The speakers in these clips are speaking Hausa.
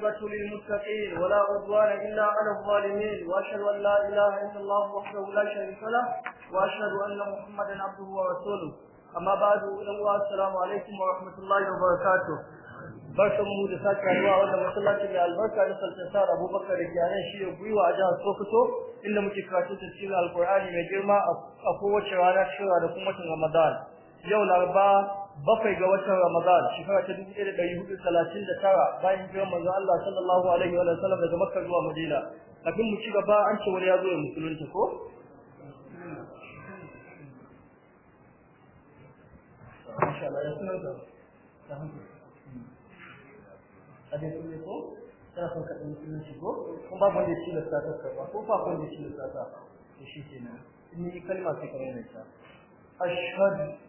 العقبة للمتقين ولا عدوان إلا على الظالمين وأشهد أن لا إله إلا الله وحده لا شريك له وأشهد أن محمدا عبده ورسوله أما بعد السلام عليكم ورحمة الله وبركاته barkan mu da sake rayuwa wannan masallaci mai albarka da saltasar Abubakar da kiyanan shi gwiwa a jihar Sokoto inda muke karatu tafsirin Alkur'ani mai girma a kowace rana cewa da kuma watan Ramadan yau Laraba bakwai ga watan Ramadan shekara ta 1439 bayan jiran maza Allah sallallahu alaihi wa sallam daga Makka zuwa Madina kafin mu ci gaba an ce wani ya zo ya musulunta ko Allah ya sanar da ne ko ka ko ya ka ko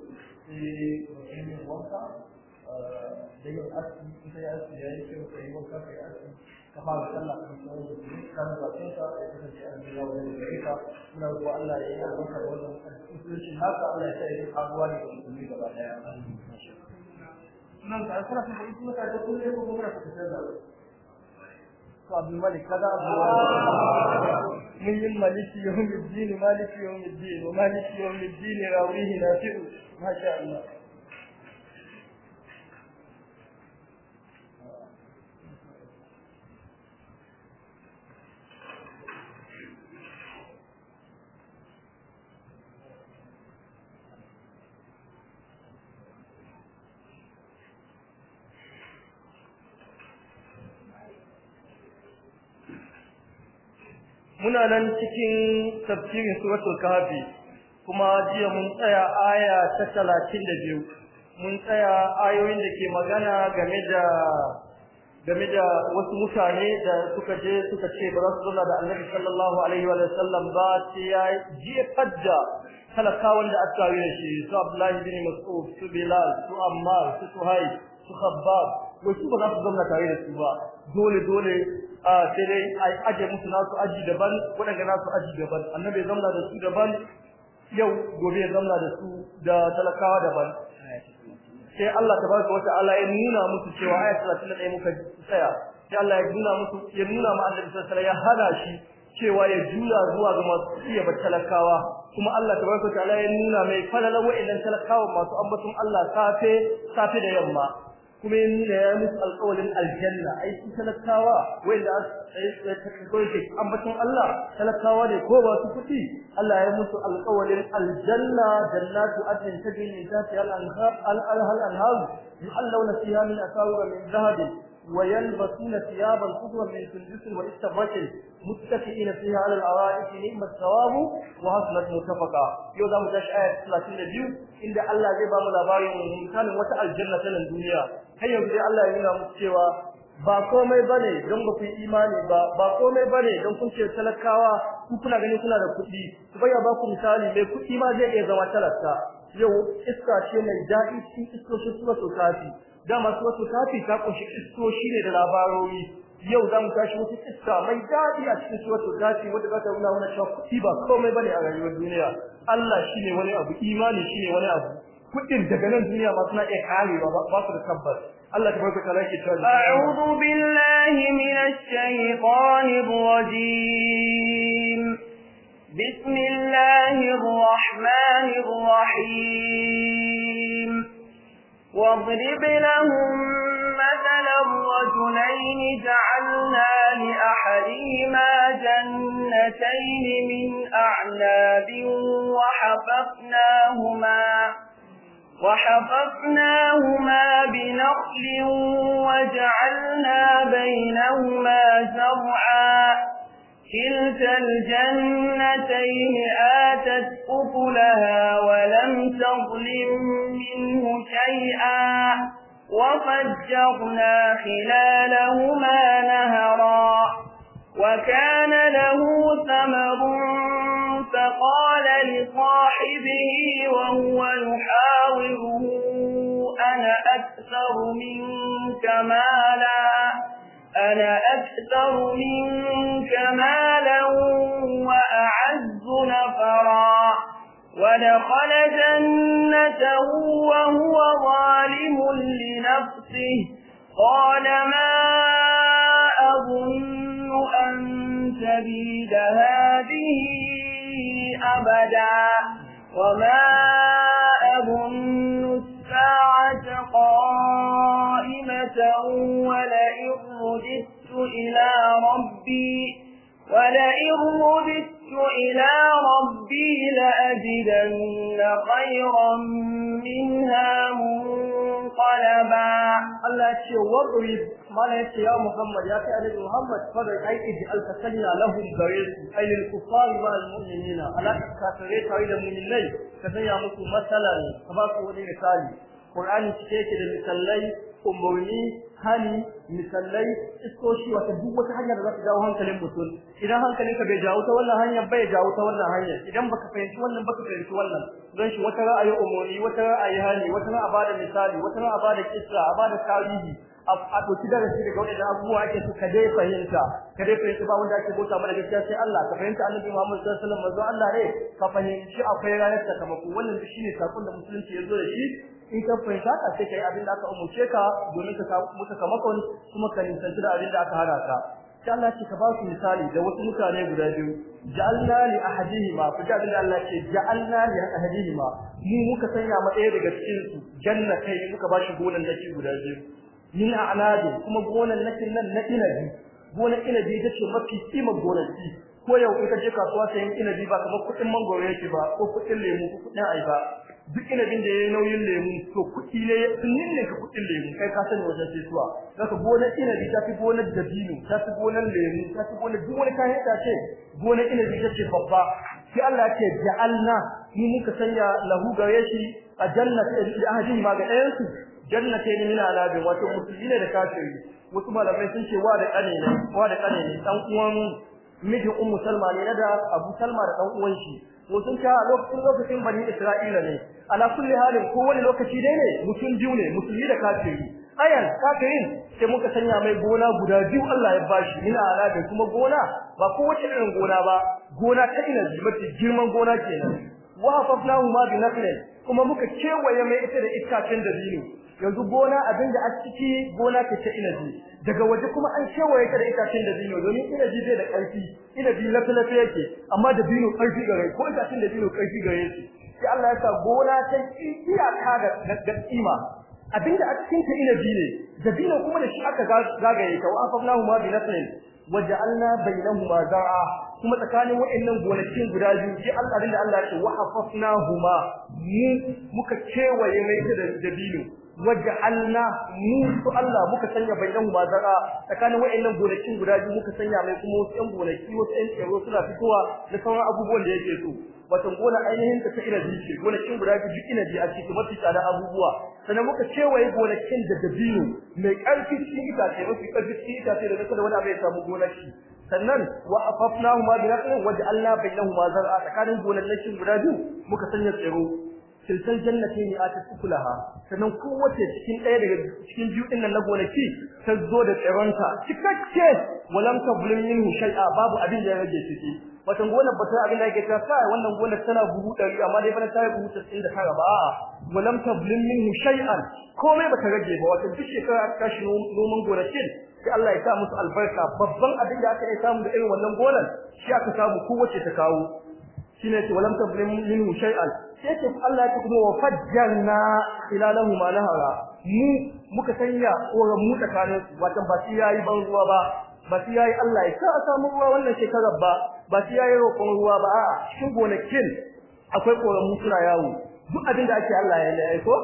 sai mai yin wanka daga aski ita ya aski ya yi kyau kai wanka kai aski ka fara sallah kan tsawon da ne kan zafin ka ya kasance an biya wajen da ya ka muna ruwa Allah ya yi albarka da wannan musulunci haka Allah ya sa ya yi karuwa ne da musulmi gaba daya. Nan ka asara ta hadisi mutane kuma ta fitar abin malik kaza abin yin maliki yawon yin jini maliki yawon yin jini maliki yawon yin jini rauni na fi'u muna nan cikin tafsirin suratul kahfi kuma jiya mun tsaya aya ta 32 mun tsaya ayoyin da ke magana game da game da wasu mutane da suka je suka ce ba su zauna da Annabi sallallahu alaihi wa sallam ba ce ya jiya fadda talakawan da aka yi shi su Abdullahi bin Mas'ud su Bilal su Ammar su Suhaib su Khabbab wasu ba su zauna tare da su ba dole dole Ah, sai dai a aje musu nasu aji daban waɗanda nasu aji daban annabi bai zamna da su daban yau gobe ya zamna da su da talakawa daban sai Allah tabaraka wataala ya nuna musu cewa ayat 31 muka tsaya sai Allah ya nuna musu ya nuna ma annabi sallallahu alaihi wasallam ya hada shi cewa ya jula zuwa ga masu iya ba talakawa kuma Allah tabaraka wataala ya nuna mai falalar wa'annan talakawa masu ambaton Allah safe safe da yamma kuma ya nuna ya musu alƙawarin aljanna ai su talakawa wanda suka kagoje ambaton Allah talakawa ne ko ba su kuti Allah ya musu alƙawarin aljanna jannatu adnin tajri min tahtiha al-anhar al-anhar yuhallawna fiha min asawira min dhahabin ويلبسون ثيابا خضرا من سندس واستبرك متكئين فيها على الارائك نعم الثواب وحسنت متفقا يو زمو تاش ايه 32 ان الله زي بامو labarin من wata aljanna ta nan duniya kai yanzu dai Allah ya nuna cewa ba komai bane don ba ku imani ba ba komai bane don kun ce talakawa ku kuna gani kuna da kuɗi ku bayya ba ku misali mai kuɗi ma zai iya zama talaka yau iska ce mai daɗi iska iskoshi suka so kafi dama wasu tafi ta kunshi kistoshi ne da labarori yau zamu tashi wasu kissa mai dadi a cikin wasu tafi wanda ba ta nuna mana cewa ba komai bane a rayuwar duniya Allah shine wani abu imani shine wani abu kudin daga nan duniya ba suna iya kare ba ba su da tabbas Allah tabaraka ta'ala yake cewa a'udhu billahi minash shaitanir rajim بسم الله الرحمن الرحيم واضرب لهم مثلا رجلين جعلنا لأحدهما جنتين من أعناب وحففناهما وحففناهما بنخل وجعلنا بينهما زرعا كلتا الجنتين آتت أكلها ولم تظلم منه شيئا وفجرنا خلالهما نهرا وكان له ثمر فقال لصاحبه وهو يحاوره أنا أكثر منك مالا أنا أكثر منك أدخل جنته وهو ظالم لنفسه قال ما أظن أن تبيد هذه أبدا وما أظن الساعة قائمة ولئن رددت إلى ربي ولئن رددت تُبْتُ إِلَى رَبِّي لَأَجِدَنَّ خَيْرًا مِنْهَا مُنْقَلَبًا الله يشي وَضْرِبْ ما يشي يا محمد يا سيدي محمد فضل أي إجعل تسلنا له غريب أي للكفار مع المؤمنين ألا تكافرين تعيد من الليل كسنيا مثلا كما سوى مثالي قرآن تشيك للمثالي أمرني hali misallai iskoshi wata duk wata hanya da za ta jawo hankalin mutum idan hankalin ka bai jawo ta wannan hanyar bai jawo ta wannan hanyar idan baka fahimci wannan baka fahimci wannan dan shi wata ra'ayi umuri wata ra'ayi hali wata ra'a bada misali wata ra'a bada kissa a bada tarihi a da darasi daga waɗannan abubuwa ake su ka dai fahimta ka dai fahimta ba wanda ake bota mana gaskiya sai Allah ka fahimta annabi Muhammad sallallahu alaihi wasallam manzo Allah ne ka fahimci akwai ranar sakamako wannan ne sakon da musulunci ya zo da shi in ka fahimta ka sai kai abin da aka umurce ka domin ka samu makon kuma ka nisanci da abin da aka hana ka sai Allah ce ka ba su misali da wasu mutane guda biyu ja'alna li ahadihima ku ji abin da Allah ce ja'alna li ahadihima mu muka sanya ma ɗaya daga cikin su kai muka ba shi gonan nake guda biyu min a'nabi kuma gonan nake nan na inabi gonan inabi ita ce mafi kimar gonan ko yau in ka je kasuwa sayan inabi ba kamar kuɗin mangoro yake ba ko kuɗin lemu ko kuɗin ayaba duk inabin da yayi nauyin lemu to kudi ne sunnin ne ka kudin lemu kai ka sani wajen sesuwa zaka gonar inabi ta fi gonar dabino ta fi gonar lemu ta fi gonar duk wani kayan ta ce gonar inabi ta ce babba sai Allah ya ce ja'alna ni muka sanya lahu gare shi a jannati eh, da ahadin ma ga ɗayan su jannati ne mina alabi wato musulmi da kafiri wasu malamai sun ce wa da kane ne wa da kane ne dan uwan mijin ummu salma ne da abu salma da dan uwan shi mutum ta lokacin lokacin bani Isra'ila ne ala kulli halin Wani lokaci dai ne mutum biyu ne yi da kafiri ayan kafirin sai muka sanya mai gona guda biyu Allah ya bashi ina ala da kuma gona ba kowace irin gona ba gona ta ina mafi girman gona kenan wa hafafnahu ma bi nakhlin kuma muka kewaye mai ita da itacen dabino yanzu gona abin da a ciki gona ta ce inabi daga waje kuma an cewa ta da itacen da dino domin inabi zai da ƙarfi inabi lafilafi yake amma da dino ƙarfi gare ko itacen da dino ƙarfi gare shi sai Allah ya sa gona ta iyaka da da abinda a cikin ta inabi ne da dino kuma da shi aka zagaye ta wa afallahu ma bi nafsin waja'alna bainahuma zar'a kuma tsakanin waɗannan gonakin guda biyu sai Allah da Allah ya ce wa hafafnahuma mu muka cewa mai da dabino waj'alna mu su Allah muka sanya bayan bazara tsakanin wayannan gonakin guda biyu muka sanya mai kuma wasu yan gonaki wasu yan tsaro suna fitowa da sauran abubuwan da yake so wato gona ainihin ta ta inabi ce gonakin guda biyu duk inabi a ciki, mafi tsada abubuwa sannan muka cewaye gonakin da dabino mai karfi cikin itace mafi karfi cikin itace da kada wani abu ya samu gonaki sannan wa afafnahuma bi naqlin waj'alna bainahuma zar'a tsakanin gonakin guda biyu muka sanya tsaro jannatin jannatayn ta ukulaha kanan kowace cikin ɗaya daga cikin biyu nan na gonaki ta zo da tsironta cikakke walam tablim minhu shay'a babu abin da ya rage shi? wata gonar ba ta abin da yake ta wannan gonar tana buhu ɗari amma dai bana ta yi buhu 99 ba a'a walam tablim minhu shay'an komai ba ta rage ba wata duk shekara aka kashi noman gonakin sai Allah ya sa musu albarka babban abin da aka yi samu da irin wannan gonar shi aka samu kowace ta kawo shine ce walam tablim minhu shay'an sai ce Allah ya kuma wa fajjalna ila ma lahara mu muka sanya koran mu tsakanin su wato ba shi yayi ban ruwa ba ba shi yayi Allah ya sa a samu ruwa wannan shekarar ba ba shi yayi roƙon ruwa ba a'a shi gonakin akwai koran mu suna yawo duk abin da ake Allah ya yi ko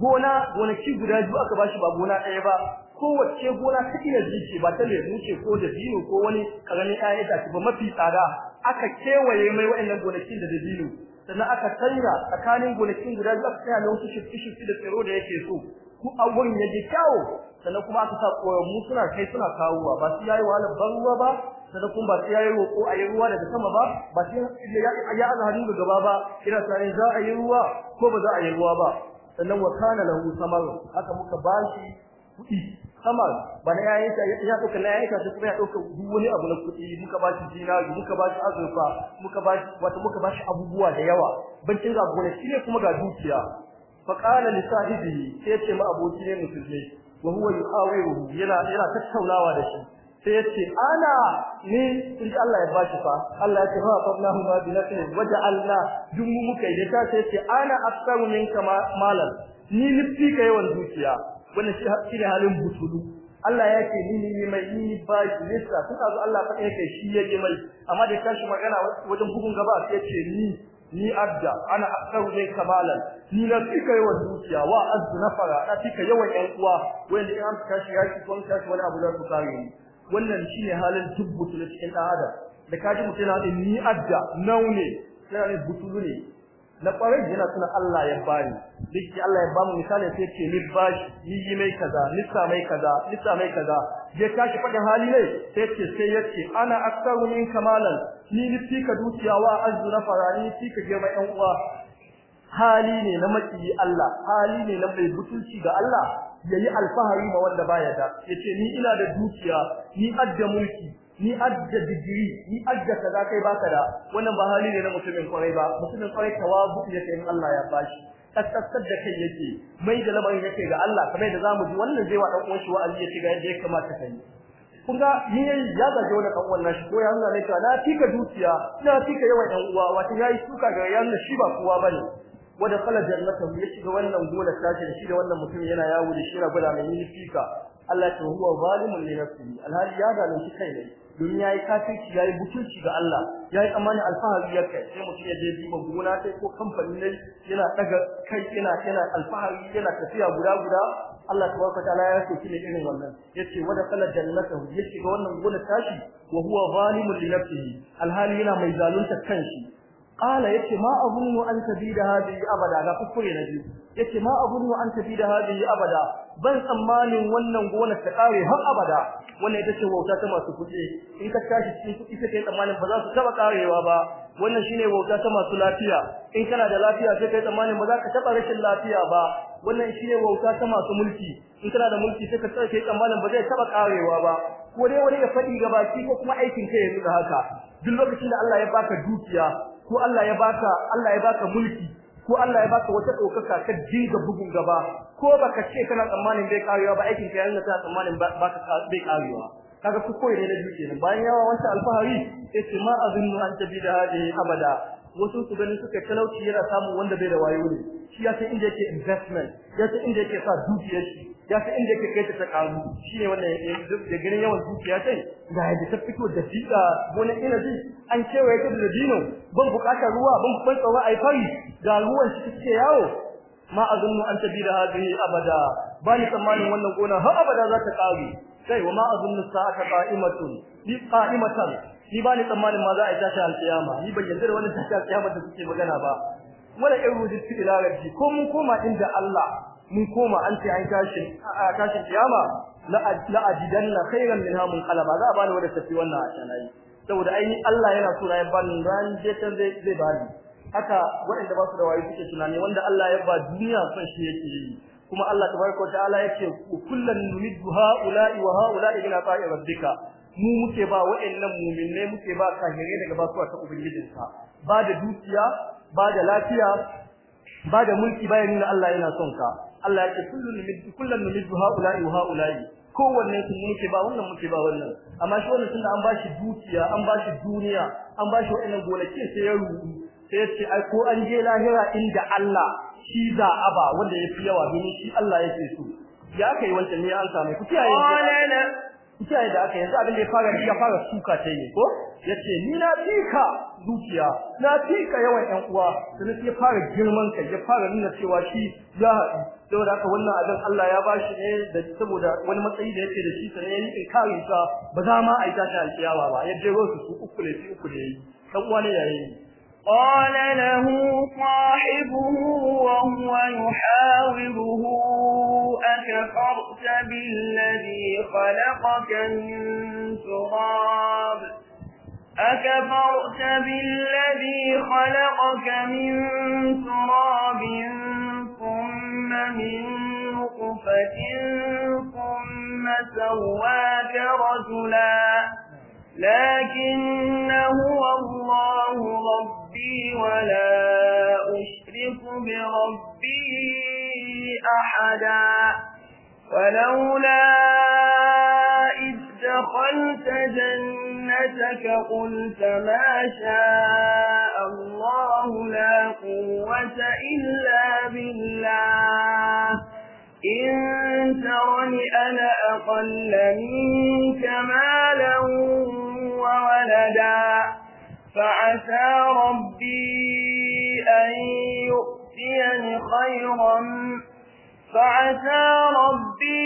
gona gonaki guda biyu aka ba shi ba gona ɗaya ba kowace gona ta iya zuci ba ta lemu ce ko da dino ko wani karamin ƴaƴa ta ba mafi tsada aka kewaye mai waɗannan gonakin da dabino sannan aka tsaya tsakanin gonakin guda biyu aka tsaya na wasu shifti-shifti da tsaro da yake so ku awon ya ji kyawo sannan kuma aka sa mu suna kai suna kawowa ba su yayi wahalar ban ruwa ba sannan kuma ba su yayi roƙo a yi ruwa daga sama ba ba su ya aza hannu da gaba ba ina tsarin za a yi ruwa ko ba za a yi ruwa ba sannan wa kana lahu samar haka muka bashi kuɗi samar bana ya yi ya dauka na yayin ta kuma ya dauka duk wani abu na kuɗi muka ba shi dinari muka ba shi azurfa muka ba shi wato muka ba shi abubuwa da yawa Ban tinga gona shi ne kuma ga dukiya fa qala li sahibi sai ce ma aboki ne musulmi wa huwa yuhawiruhu yana yana tattaunawa da shi sai yace ana ni in Allah ya bashi fa Allah ya ce fa qablahu ma bi nafsi waja'alna dum muka yi ta sai yace ana aktaru kama malal ni nufi ka yawan dukiya wannan shi ne halin butulu Allah ya ce ni ne mai ni ba shi lissa kun azu Allah fa yake shi yake mai amma da kashi magana wajen bugun gaba sai ce ni ni adda ana aksaru ne kamalan ni na fika yawan dukiya wa azu nafara na fika yawan yan uwa wanda in an kashi ya ci kon kashi wani abu da su kare ni wannan shine halin na cikin dan da kaji mutum na ni adda naune sai ne butulu ne na kwarai yana tuna Allah ya bani duk Allah ya bamu misali sai ce ni bashi ni yi mai kaza ni sa mai kaza ni sa mai kaza je shi fadin hali ne sai ce sai yace ana aktaru min kamalan ni ni fika dukiya wa azu na farani fika je mai yan uwa hali ne na maki Allah hali ne na mai butulci ga Allah yayi alfahari ma wanda baya da yace ni ina da dukiya ni adda mulki ni adda digiri ni adda kaza kai baka da wannan ba hali ne na mutumin kwarai ba mutumin kwarai tawazu yake in Allah ya bashi tattasar da kai yake mai da lamarin yake ga Allah kamar da zamu ji wannan zai wa dan uwan shi wa'azi yake ga yadda ya kamata kai kun ga ni ya zage wani dan uwan nashi ko ya nuna ne cewa na fika dukiya na fika yawan dan uwa wato yayi suka ga yana shi ba kowa bane wada kala jannata ya shiga wannan gola tashi shi da wannan mutum yana yawo da shi ra gwada mai fika Allah ta huwa zalimun li nafsihi alhali ya zalunci kai ne domin yayi kafirci yayi butulci ga Allah ya yi tsammanin alfahari ya kai sai mutum ya je duba gona sai ko kamfani ne yana daga kai yana yana alfahari yana tafiya guda guda Allah tabaraka taala ya soki ne irin wannan yace wa dakala ya yace ga wannan gona tashi wa huwa zalimun li nafsihi alhali yana mai zalunta kanshi qala yace ma abunnu an tabida hadi abada ga kuskure na biyu yace ma abunnu an tabida hadi abada ban tsammanin wannan gonar ta kare har abada wannan ita ce wauta ta masu kuɗi in ka tashi cikin kuɗi sai kai tsammanin ba za su taba karewa ba wannan shine wauta ta masu lafiya in kana da lafiya sai kai tsammanin ba za ka taba rashin lafiya ba wannan shine wauta ta masu mulki in kana da mulki sai ka tsaya kai tsammanin ba zai taba ƙarewa ba ko dai wani ya faɗi gabaki ko kuma aikin ka ya nuna haka duk lokacin da Allah ya baka dukiya ko Allah ya baka Allah ya baka mulki ko Allah ya baka wata ɗaukaka ka dinga bugun gaba ko baka ce kana tsammanin bai karewa ba aikin ka yana ta tsammanin baka bai karewa kaga ku koyi ne da duke ne bayan yawa wancan alfahari yace ma azunnu an tabida hadi abada wasu su ganin suka talauci yana samu wanda bai da wayo ne shi ya inda yake investment ya inda yake sa dukiyar shi ya san inda yake kai ta ta karu shine wannan ya ganin yawan dukiya sai da yadda ta fito da fita ina inaji an cewa yake da dino ban bukatar ruwa ban ban a yi fari ga ruwan shi suke yawo ma azunnu an da hadhihi abada bani tsammanin wannan gona har abada za ta karu sai wa ma azunnu sa'ata qa'imatun bi qa'imatan ni bani tsammanin ma za a yi tashi alkiyama ni ban yarda da wannan tashi alkiyama da suke magana ba wala irudu ila rabbi ko mun koma inda Allah mun koma an ce an tashi a tashin kiyama la dan ajidanna khayran minha mun qalaba za a bani wanda tafi wannan a shanai saboda ainihin Allah yana so ya bani ran je ta zai zai bani haka waɗanda ba su da wayo suke tunani wanda Allah ya ba duniya son shi yake yi kuma Allah tabaraka ta'ala yake kullan numiddu haula'i wa haula'i ila ta'i rabbika mu muke ba wa'annan mu'minne muke ba kahire daga ba su ta ka. ba da dukiya ba da lafiya ba da mulki bayan nuna Allah yana son ka Allah ya ce kullun numiddu kullun numiddu haula'i wa haula'i kowanne sun muke ba wannan muke ba wannan amma shi wannan tunda an bashi dukiya an bashi duniya an bashi wannan gonaki sai ya rubu sai ya ce ai ko an je lahira inda Allah shi za a ba wanda yafi yawa domin shi Allah yake so ya kai wancan ne an samu ku kiyaye sai da aka yanzu abin da ya fara ya fara suka ta yi ko yace ni na fika zuciya na fika yawan ɗan uwa sai ya fara girman kai ya fara nuna cewa shi ya haɗu saboda haka wannan abin Allah ya bashi ne da saboda wani matsayi da yake da shi sai ya yi kare sa ba za ma a yi tashi alƙiyawa ba ya je su uku ne uku ne uwa ne yayin قال له صاحبه وهو يحاوره أكفرت بالذي خلقك من تراب أكفرت بالذي خلقك من تراب ثم من نطفة ثم سواك رجلا لكن هو الله رب ولا أشرك بربي أحدا ولولا إذ دخلت جنتك قلت ما شاء الله لا قوة إلا بالله إن ترني أنا أقل منك مالا وولدا فعسى ربي أن يؤتيني خيرا فعسى ربي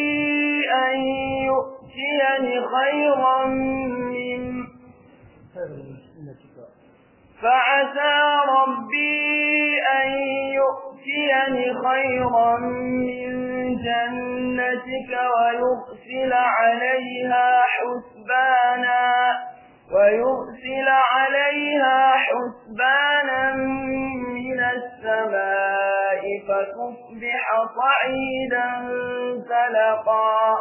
أن يؤتيني خيرا من فعسى ربي أن يؤتيني خيرا من جنتك ويرسل عليها حسبانا ويرسل عليها حسبانا من السماء فتصبح صعيدا سلقا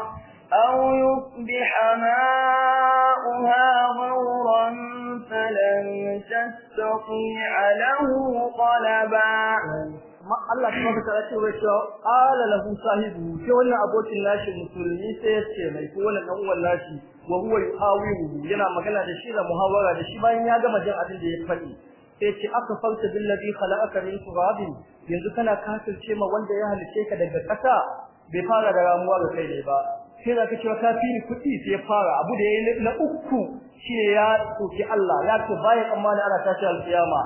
أو يصبح ماؤها غورا فلن تستطيع له طلبا Allah kuma ta tsara cewa cewa ala lahu sahibu sai wannan abokin nashi musulmi sai ya ce mai ko wannan dan uwan nashi wa huwa yana magana da shi da muhawara da shi bayan ya gama jin abin da ya faɗi sai ce aka bil ladhi khalaqaka min turab yanzu kana kasance ma wanda ya halice ka daga ƙasa bai fara da ramuwa da kai ne ba sai zaka cewa kafiri kuɗi sai ya fara abu da yayi na uku shi ne ya tsoki Allah ya ce baya tsammani ana tashi alkiyama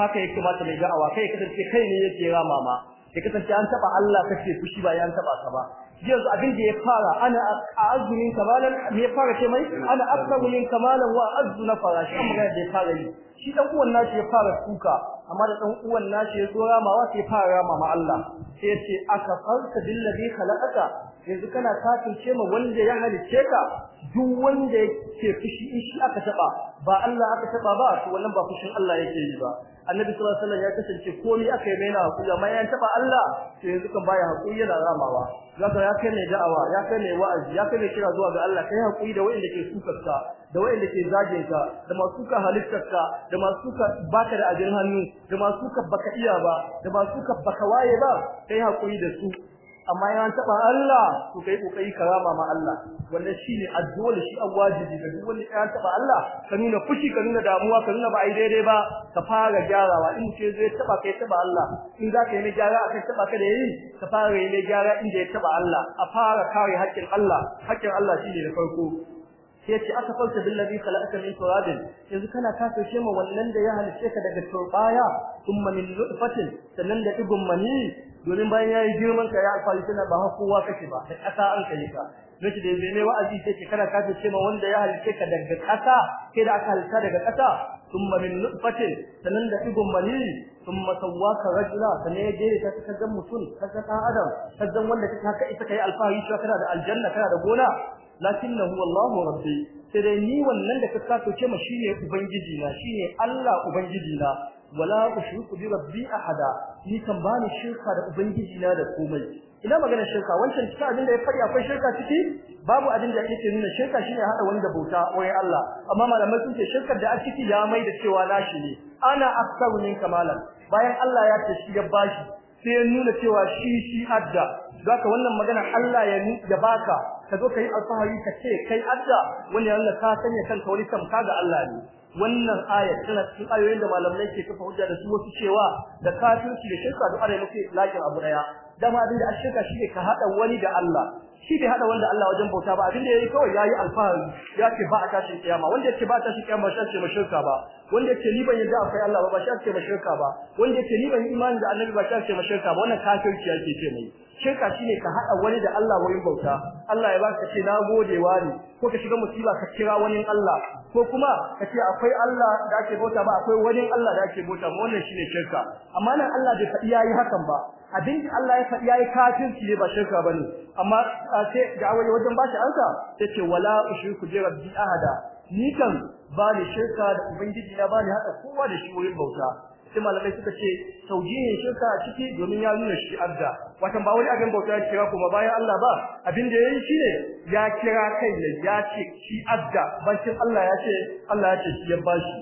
haka yake ta mai da'awa kai kasance kai ne yake rama ma ya kasance an taɓa Allah kake fushi ba ya taɓa taba ka ba yanzu abin da ya fara ana azumin kamalan me ya fara ce mai ana aktabu min kamalan wa azu na fara shi da ya fara yi shi dan uwan nashi ya fara kuka amma da dan uwan nashi ya zo ramawa sai fara rama ma Allah sai ya ce aka farka billahi khalaqaka yanzu kana kafin ce ma wanda ya halice ka duk wanda yake fushi in shi aka taba ba Allah aka taba ba to wannan ba fushin Allah yake yi ba annabi sallallahu alaihi wasallam ya kasance komai aka yi mai na hakuri amma ya taba Allah to yanzu kan baya hakuri yana ramawa zaka ya kai ne da'awa ya kai ne wa'azi ya kai ne kira zuwa ga Allah kai hakuri da wanda ke ka da wanda ke zage ka da masu ka halittarka da masu ka baka da ajin hannu da masu ka baka iya ba da masu ka baka waye ba kai hakuri da su amma ya taba Allah to kai kokari karama ma Allah wannan shine addu'ar shi awajibi ga duk wanda ya taba Allah ka nuna fushi ka nuna damuwa ka nuna ba ai daidai ba ka fara gyarawa in ce zai taba kai taba Allah in za ka yi mai gyara akai taba ka da yi ka fara yi mai gyara inda ya taba Allah a fara kare haƙƙin Allah haƙƙin Allah shine da farko sai ce aka falta billahi khalaqaka min turabin yanzu kana kafirce ma wannan da ya halice ka daga turbaya kuma min nutfatin sannan da digun mani domin bayan ya yi girman ka ya alfahari tana ba kowa kake ba da ƙasa an kai ka nake da yanzu ne wa'azi sai kana kace ce ma wanda ya halice ka daga ƙasa kai da aka halitta daga ƙasa thumma min nutfatin sanan da digon mali thumma sawwaka rajula sanan ya je ka ga mutum ka ga adam ka ga wanda ka haka ita kai alfahari cewa kana da aljanna kana da gona lakinnahu wallahu rabbi sai dai ni wannan da ka kace ce ma shine ubangiji na shine Allah ubangiji na wala ushriku bi rabbi ahada ni kan bani shirka da ubangiji na da komai ina magana shirka wancan cikin abin da ya fadi akwai shirka ciki babu abin da yake nuna shirka shine hada wani da bauta wai Allah amma malamai sun ce shirkar da a ciki ya mai da cewa nashi ne ana aksaru min kamalan bayan Allah ya ce shi ya bashi sai ya nuna cewa shi shi adda zaka wannan magana Allah ya ya baka ka zo kai alfahari ka ce kai adda wani Allah ka sanya kanka wani tamka ga Allah ne wannan ayat tana cikin ayoyin da malamai ke kafa hujja da su wasu cewa da kafirci da shirka duk ana muke lakin abu daya dama abin da shirka shine ka hada wani da Allah shi bai hada wanda Allah wajen bauta ba abin da yayi kawai yayi alfahari ya ce ba a tashin kiyama wanda yake ba tashin kiyama shi ce mashirka ba wanda yake ni ban yarda akwai Allah ba ba shi ce mashirka ba wanda yake ni ban imani da Annabi ba shi ce mashirka ba wannan kafirci yake ce mai shirka shine ka hada wani da Allah wurin bauta Allah ya baka ce na ne ko ka shiga musiba ka kira wani Allah ko kuma kace akwai Allah da ake bauta ba akwai wani Allah da ake bauta ba wannan shine shirka amma nan Allah bai faɗi yayi hakan ba abin da Allah ya faɗi yayi kafirci ne ba shirka bane amma sai da awai wajen bashi ansa yace wala ushriku bi rabbi ahada ni kan ba ni shirka da ubangiji ya ba ni hada kowa da shi wurin bauta sai malamai suka ce taujihin shirka a ciki domin ya nuna shi adda watan ba wani abin bauta ya kira kuma bayan Allah ba abin da yayi shine ya kira kai ne ya ce shi adda bankin Allah ya ce Allah ya ce shi ya bashi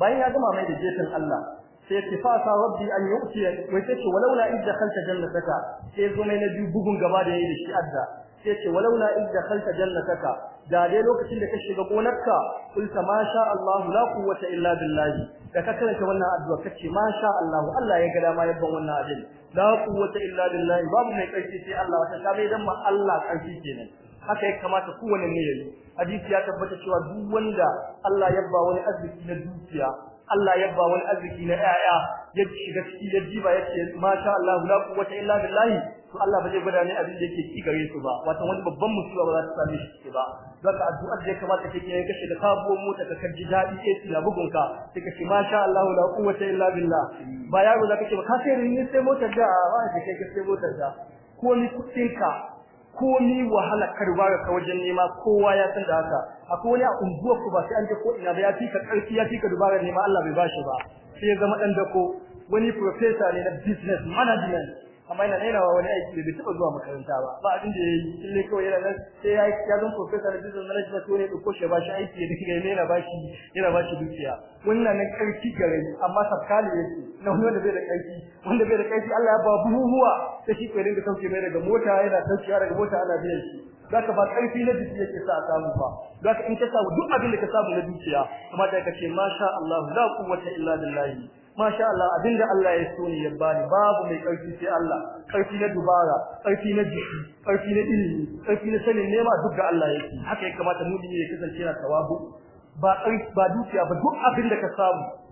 bayan ya gama mai da jefin Allah sai ya fa sa rabbi an yu'ti wa sai ce walaula idda khalta jannataka sai zo mai na biyu bugun gaba da yayi da shi adda sai ce walaula in dakhalta jannataka da dai lokacin da ka shiga gonarka kulta ma sha Allah la quwwata illa billah da ka karanta wannan addu'a kace ma Allah Allah ya ga dama yabban wannan abin la quwwata illa billah babu mai karfi sai Allah wata ta bai dan Allah karfi kenan haka ya kamata kowanne ne yayi hadisi ya tabbata cewa duk wanda Allah ba wani arziki na dukiya Allah ba wani arziki na 'ya'ya ya shiga cikin jiba yace masha Allah la quwwata illa billah to Allah ba zai gwada ne abin da yake ci gare su ba wato wani babban musuwa ba za ta same shi ba zaka addu'ar da ya kamata kake yi kace da kabo mota ka kaji dadi ke ci bugun ka sai kace masha Allah la quwwata illa billah ba yaro zaka ce ba ka sai ni sai motar da ba ka kai sai motar da ko ni kuɗin ka ko ni wahala ba ka wajen nema kowa ya san da haka akwai wani a unguwar ku ba sai an je ko ina ba ya fika karfi ya fika dubara nema Allah bai ba shi ba sai ya zama dan dako wani professor ne na business management amma yana yana wani aiki bai taɓa zuwa makaranta ba ba abin da yayi kille kawai yana nan sai ya ya zan professor da business management to ne ko shi ba shi aiki da kike yana ba shi yana ba shi dukiya wannan na ƙarfi gare amma sabkali yake na wanda bai da karfi wanda bai da karfi Allah ya ba buhuwa sai shi ko dinga sauke mai daga mota yana sauke daga mota ana biyan shi ka ba karfi na jiki yake sa samu ba zaka in ka samu duk abin da ka samu na dukiya kuma da kace masha Allah la quwwata illa billahi masha Allah abinda Allah ya so ne ya bani babu mai karfi sai Allah karfi na dubara karfi na jiki karfi na ilimi karfi na sanin nema duk ga Allah ya yake haka ya kamata ne ya kasance na tawabu ba ba dukiya ba duk abin da ka samu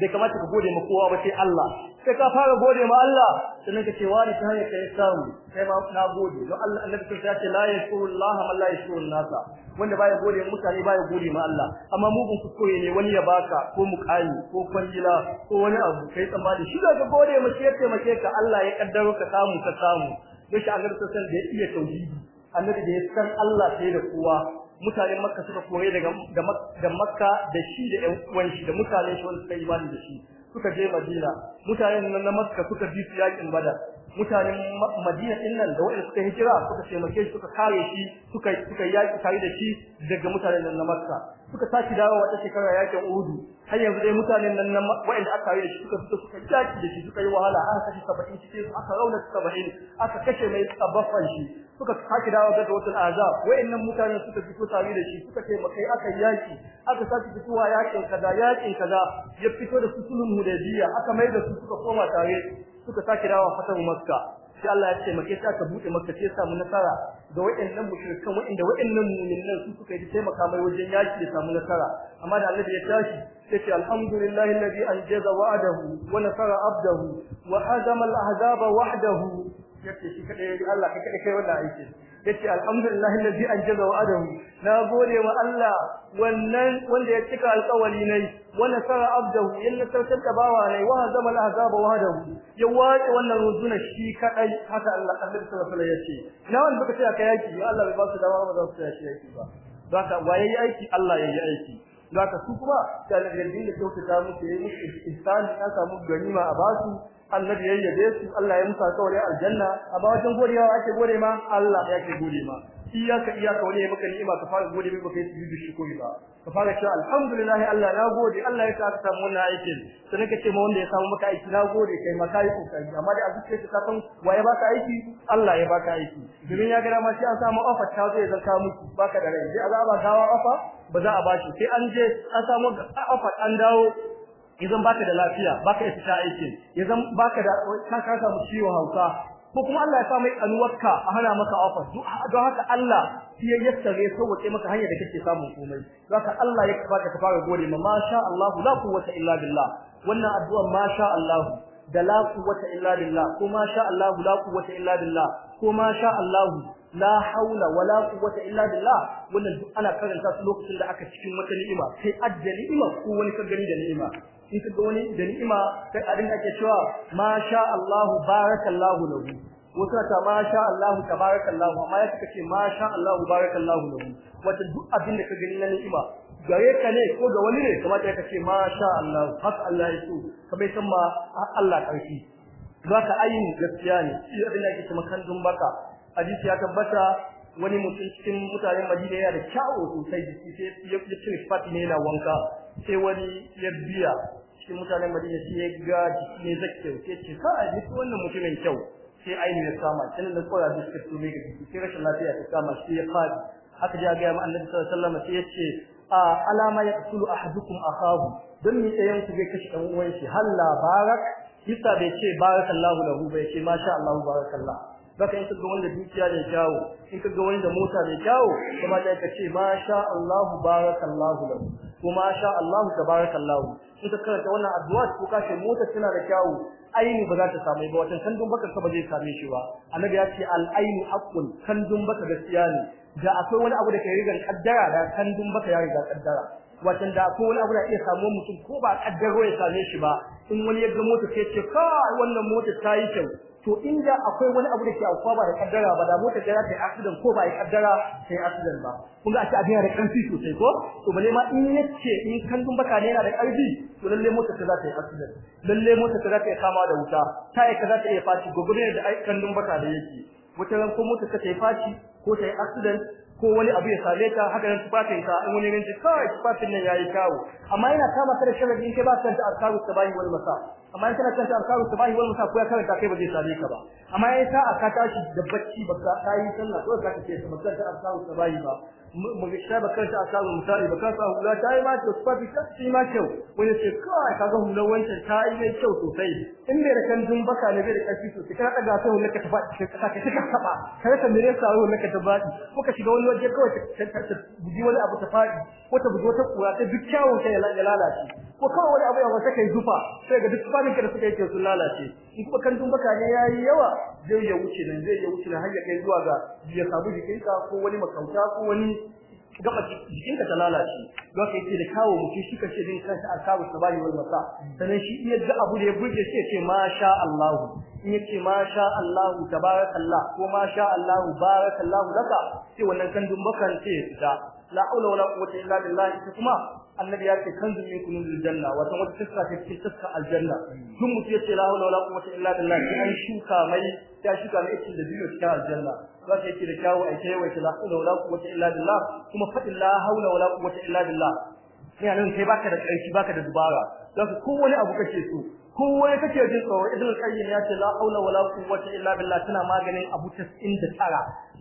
bai kamata ka gode ma kowa ba sai Allah sai ka fara gode ma Allah sannan ka ce wani ta hanyar kai samu sai ma na gode don Allah annabi ya ce la yashkuru Allah ma la yashkuru nasa wanda baya gode mutane baya gode ma Allah amma mu mugun kuskure ne wani ya baka ko mukami ko kwangila ko wani abu kai tsammani shi ka gode ma sai ya mace ka Allah ya kaddaro ka samu ka samu dashi annabi sai da ya iya tauhidi annabi da ya san Allah sai da kowa mutanen makka suka kore daga da makka da shi da ƴan uwan shi da mutanen shi wanda suka yi imani da shi suka je madina mutanen nan na makka suka bi su yakin bada mutanen madina din nan da wanda suka hijira suka taimake shi suka kare shi suka suka yaki tare da shi daga mutanen nan na makka suka saki dawo wata shekara yakin uhudu har yanzu dai mutanen nan na wanda aka kare shi suka fito suka yaki da shi suka yi wahala aka kashe 70 cikin su aka raunata 70 aka kashe mai tsabafan shi suka saki dawo ga wasul azab wayannan mutane suka fito tare da shi suka ce makai aka yaki aka saki fituwa yakin kaza yakin kaza ya fito da susulun hudaybiya aka mai da su suka koma tare suka saki dawo fatan makka sai Allah ya ce makai ta ka bude makka sai samu nasara ga wayannan mushrikan wayanda wayannan mu'minan su suka yi taimaka mai wajen yaki ya samu nasara amma da Allah ya tashi sai ce alhamdulillahi alladhi anjaza wa'adahu wa nasara abdahu wa hazama al-ahzaba wahdahu yace shi kada bi Allah kai kada kai wannan aiki yace alhamdulillahi allazi anjaza wa'adahu na gode wa Allah wannan wanda ya cika alƙawari nai wa nasara abdahu yalla sarkar da bawa ne wa hazama al-ahzaba wahdahu ya wace wannan ruzuna shi kadai haka Allah annabi sallallahu alaihi wasallam na wanda baka ce kai yaki Allah bai ba su dama ba za su tashi yaki ba zaka waye aiki Allah yayi aiki zaka su kuma da da din da mu musu yayi musu ihsani samu ganima a basu annabi ya da su Allah ya musa kawai aljanna amma wajen godewa ake gode ma Allah ya ke gode ma iyaka iyaka wani ya maka ni'ima ka fara gode mai baka yi sujudu koyi ba ka fara cewa alhamdulillah Allah ya gode Allah ya sa ka samu wannan aikin sai ka ce ma wanda ya samu maka aiki na gode kai maka yi kokari amma da azuke ka san waye baka aiki Allah ya baka aiki domin ya gara ma shi an samu offer ta zo ya zanka muku baka da rai sai azaba gawa offer ba za a bashi sai an je an samu offer an dawo idan baka da lafiya baka isa ta aikin idan baka da ka ka samu ciwo hausa ko kuma Allah ya sa mai a hana maka offer don haka Allah shi ya yassare sauke maka hanyar da kake samun komai zaka Allah ya baka ka fara gode ma masha Allah la quwwata illa billah wannan addu'a masha Allah da la quwwata illa billah ko masha Allah la quwwata illa billah ko masha Allah la haula wala quwwata illa billah wannan duk ana karanta su lokacin da aka cikin wata ni'ima sai ajjali ni'ima ko wani ka gani da ni'ima in ka ga wani da ni'ima sai a ake ke cewa ma sha Allah barakallahu lahu wata ta ma sha Allah tabarakallahu amma ya kace ma sha Allah barakallahu lahu wata duk abin da ka gani na ni'ima gare ka ne ko ga wani ne kamata ya kace ma sha Allah haka Allah ya so kamar san ma Allah karfi zaka ayin gaskiya ne shi abin da yake dun baka hadisi ya tabbata wani mutum cikin mutanen Madina yana da kyawu sosai jiki sai ya cire fati ne yana wanka sai wani ya biya cikin mutanen Madina sai ya ga jiki ne zakke sai ce ka a jiki wannan mutumin kyau sai aini ya kama sai da kowa da suka tsume ga jiki sai rashin lafiya ta kama shi ya fadi haka ja ga Annabi sallallahu alaihi wasallam sai ya ce a alama yaqtulu ahadukum akahu dan Don tsayan ku zai kashe dan uwan shi halla barak kisa bai ce barakallahu lahu bai ce masha Allah barakallahu baka in kaga wanda dukiya da jawo in kaga wanda mota da jawo kuma dai ka ce masha Allah barakallahu lahu kuma sha Allahu tabarakallahu in ka karanta wannan addu'a ko ka ce mota tana da kyawu aini ba za ta samu ba watan kandun baka ba zai same shi ba annabi ya ce al ainu haqqun kandun baka gaskiya ne da akwai wani abu da kai rigar kaddara da kandun baka ya riga kaddara watan da akwai wani abu da iya samu mutum ko ba kaddaro ya same shi ba in wani ya ga mota ke ce ka wannan mota ta yi kyau to inda akwai wani abu da ke aukuwa ba da kaddara ba da motar da ta accident ko ba ai kaddara sai accident ba kun ga shi abin da to sosai ko to bale ma in yace in dun baka ne yana da karfi to lalle motar ta za ta yi accident lalle motar ta za ta yi kama da wuta ta yi kaza ta yi faci gogobe da ai dun baka da yake wata ran ko motar ta yi faci ko ta yi accident ko wani abu ya same ta haka nan tufafin ka wani wani rinji kawai tufafin ne yayi kawo amma yana kama ka da sharadin ke ba ta da alkaru ta bayi wani masa amma yana kana kan ta alkaru sabahi wal musa ya karanta kai ba zai same ka ba amma yayin sa'a ka tashi da bacci baka kai sallah ko ka sai ta makanta ta sabayi ba mu ga shi ba kanta a samu misali ba kasa hula ta yi ma kyau su fafi kasi ma kyau wani ce kawai ka ga hular wancan ta yi mai kyau sosai in bai da kanzun baka ne bai da ƙarfi sosai kana ɗaga ta hular ka ta faɗi ka saka ka taɓa ka rasa me yasa hular ka ta faɗi ko ka shiga wani waje kawai ta buji wani abu ta faɗi ko ta buji wata kura ta duk kyawun ta ya lalace ko kawai wani abu ya wata kai zufa sai ga duk faɗin ka da suka yi kyau sun lalace in kuma kanzun baka ne ya yi yawa zai ya wuce nan zai ya wuce nan har ya kai zuwa ga ya samu jikinka ko wani makauta ko wani gaba jikinka ta lalace don ka yace da kawo mutum shi ce din kansa a kawo sabani wani masa Sannan shi iya ga abu da ya burge shi ce masha Allah in yace ma sha Allahu tabarakallah ko ma sha Allahu barakallahu laka sai wannan kanzun bakan ce ya fita la haula wala quwwata illa billah ita kuma annabi ya ce kanzun min kunuzul janna wata wata tuska ce cikin tuska aljanna duk mutum yace la haula wala quwwata illa billah sai an shuka mai ya shuka mai cikin da biyo cikin aljanna za ka yake da kyawu a kai wai la haula wala quwwata illa billah kuma fadin la haula wala quwwata illa billah sai anan sai baka da karfi baka da dubara don kowani abu kake so kowa ya kake jin tsoro idan al ya ce la haula wala quwwata illa billah tana maganin abu 99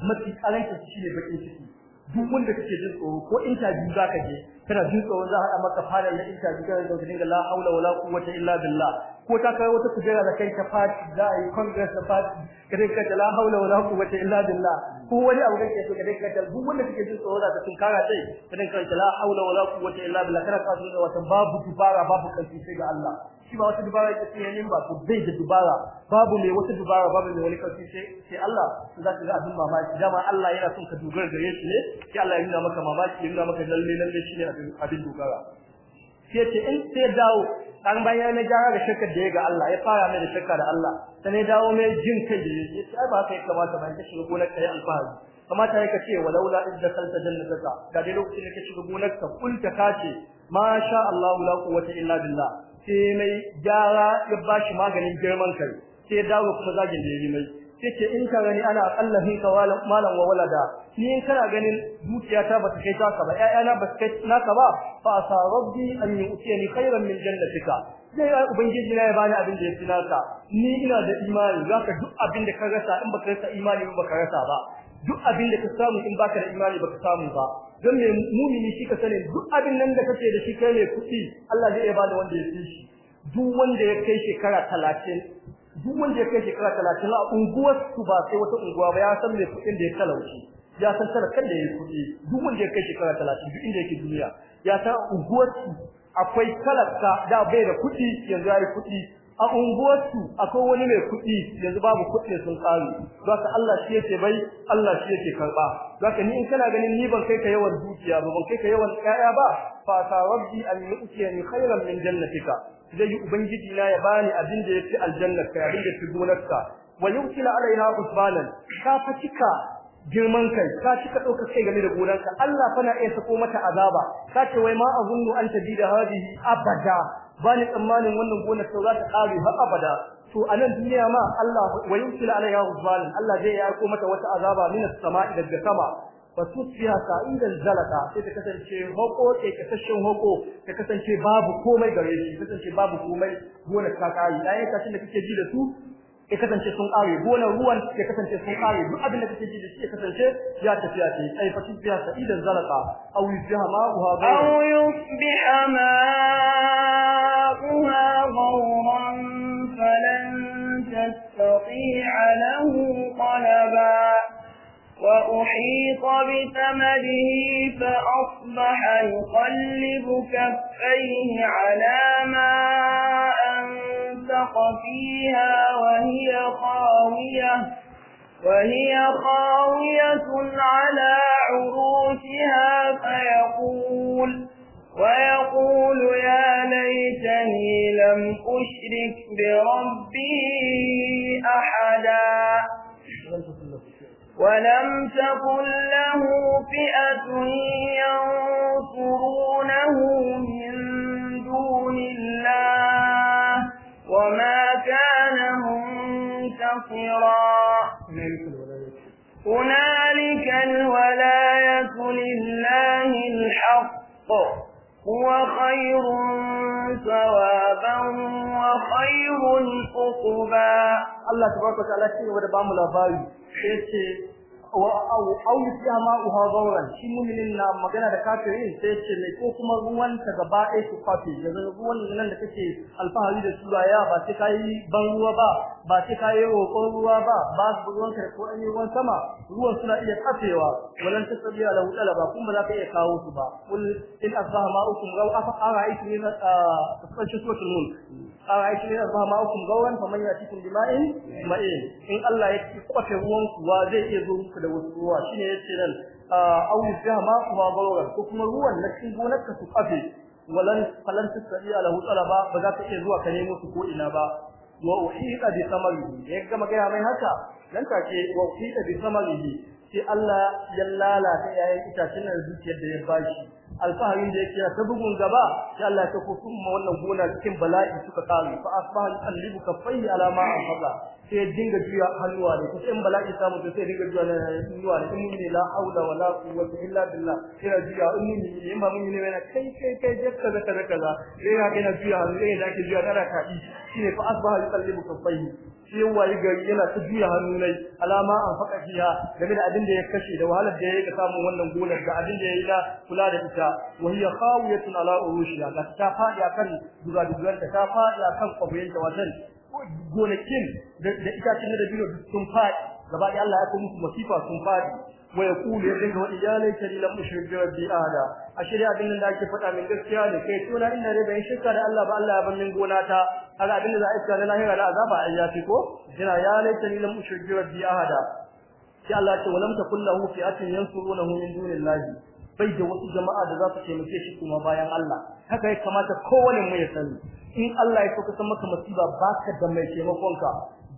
mafi shi shine bakin ciki duk wanda kake jin tsoro ko interview zaka je kana jin tsoro za a hada maka fara na interview ga da dinga la haula wala quwwata illa billah ko ta kai wata kujera da kai ta fati za a yi congress da party kada ka la haula wala quwwata illa billah ko wani abu kake so kada ka ta duk wanda kake jin tsoro za ka kara sai kada ka la haula wala quwwata illa billah kana ka jin wata babu tubara babu kanci sai ga Allah shi ba wata dubara yake sai yanin ba ko bai da dubara babu mai wata dubara babu mai wani kafi sai sai Allah za ka ga abin mamaki dama Allah yana son ka dogara gare shi ne sai Allah ya nuna maka mamaki ya nuna maka lalle lalle shi ne abin dogara sai ce in sai dawo dan bayan na gyara da shakkar da ya ga Allah ya fara mai da shakka da Allah sai ya dawo mai jin kai da yake sai ai ba haka ya kamata ba ka shiga gonar kai alfahari kamata ya kace laula idda kalta jannataka da dai lokacin da kake shiga gonar ka kulta kace ma sha Allah la quwwata illa billah sai mai gyara ya ba shi maganin girman kai sai ya dawo kuma zagin da ya yi mai sai in ka gani ana aqalla fi kawalan malan wa walada ni in kana ganin dukiyata ta bata kai ka ba ƴaƴana su kai naka ba fa sa rabbi an ni khayran min jannatika dai ubangiji na ya bani abin da ya fi naka ni ina da imani ka duk abin da ka rasa in ba ka rasa imani ba ka rasa ba duk abin da ka samu in baka da imani baka samu ba don me mumini shi ka sani duk abin nan da kake da shi kai mai kuɗi Allah zai iya bada wanda ya fi shi duk wanda ya kai shekara 30 duk wanda ya kai shekara 30 a unguwar su ba sai wata unguwa ba ya san mai kuɗin da ya talauci ya san talakan da ya kuɗi duk wanda ya kai shekara 30 duk inda yake duniya ya san unguwar su akwai talaka da bai da kuɗi yanzu ya yi kuɗi a unguwarsu akwai wani mai kuɗi yanzu babu kuɗi sun tsari zaka Allah shi yake bai Allah shi yake Za zaka ni in kana ganin ni ban kai ka yawan dukiya ba ban kai ka yawan ƴaƴa ba fa ta rabbi an yu'tiyani khayran min jannatika zai yi ubangiji na ya bani abin da yake aljanna ka abin da yake gonarka wa yu'tila alaiha usbanan ka girman kai ka cika dauka kai game da gonarka Allah fa na iya sako mata azaba ka ce wai ma azunnu an tabida hadihi abada ba ni tsammanin wannan gonar ta za ta ƙare har abada to a nan duniya ma Allah wa yumsil alaiha zalim Allah zai ya aiko mata wata azaba min as-sama'i daga sama fa tusbiha sa'idan zalata sai ta kasance hoko ke kasashen hoko ta kasance babu komai gare shi kasance babu komai gonar ta ƙare ayyuka da kake ji da su ya kasance sun kare gonar ruwan ya kasance sun kare duk abin da kake ji da shi ya kasance ya tafi ya tafi ai fatin ya sa idan zalaka aw yusbiha huwa ba aw yusbiha huwa ghawran falan tastati'a lahu talaba وأحيط بثمره فأصبح يقلب كفيه على ما أنفق فيها وهي خاوية وهي خاوية على عروشها فيقول ويقول يا ليتني لم أشرك بربي أحدا ولم تكن له فئة ينصرونه من دون الله وما كان منتصرا هنالك الولاية لله الحق هو خير ثوابا وخير عقبا الله تبارك وتعالى شيء ودبام الأبائي au yusya ma'uha shi mu'minin na magana da kafirin sai ce mai ko kuma ruwan ta gaba ɗaya su fafi yanzu ruwan nan da kake alfahari da su ya ba sai yi ban ruwa ba ba sai yi roƙon ruwa ba ba su ruwan ka ko an ruwan sama ruwan suna iya kafewa walan tasabiya lahu talaba kuma za ka iya kawo su ba kul in asbaha ma'ukum gaw afa ne min tasfashu ah, suratul mulk a aiki ne ba ma hukum gawan fa man yatikum bima'in ma'in in Allah ya kwafe ruwan ku wa zai iya zo muku da wasu ruwa shine yace nan au ku kuma gawan ko kuma ruwan na cikin gonar ka su kafe walan falan ala hu talaba ba za ta iya zuwa ka nemo su ko ina ba wa uhita bi samalihi ya gama ga mai haka nan take wa uhita bi samalihi sai Allah ya lalata yayin itacin nan zuciyar da ya bashi alfaharin da yake ta bugun gaba sai Allah ta kusumma wannan gona cikin bala'i suka kawo fa asbaha al ka kaffai ala ma anfaqa sai dinga juya hannuwa ne ko in bala'i ta to sai dinga juya hannuwa ne in ne la haula wala quwwata illa billah sai juya in ne ne ma mun ne na kai kai kai je kaza kaza kaza sai ya kana juya hannu sai da ke juya ka yi shine fa asbaha al ka kaffai sai waye gari yana ta juya hannu nai alama an faka jiya. game da abin da ya kashe da wahalar da ya yi ga samun wannan gonar da abin da ya yi na kula da ita wa hiya khawiyatun ala urushiha da ta fadi akan duga ta ta fadi akan kwabiyin ta watan gonakin da itacen da biyo sun fadi gaba Allah ya kuma masifa sun faɗi. wa yaqulu ya dinga wadi ya laita ni lam ushrik bi rabbi ahada ashiri abin da ake faɗa min gaskiya ne kai tuna ina da bayan shirka da Allah ba Allah ya ban min gona ta kaga abin da za a iska na lahira da azaba ayati ko jira ya laita ni lam ushrik bi rabbi ahada sai Allah ce walam yan lahu fi'atun yansurunahu min lahi bai da wasu jama'a da za su taimake shi kuma bayan Allah haka ya kamata kowanne mu ya sani in Allah ya so ka maka masiba baka da mai taimakonka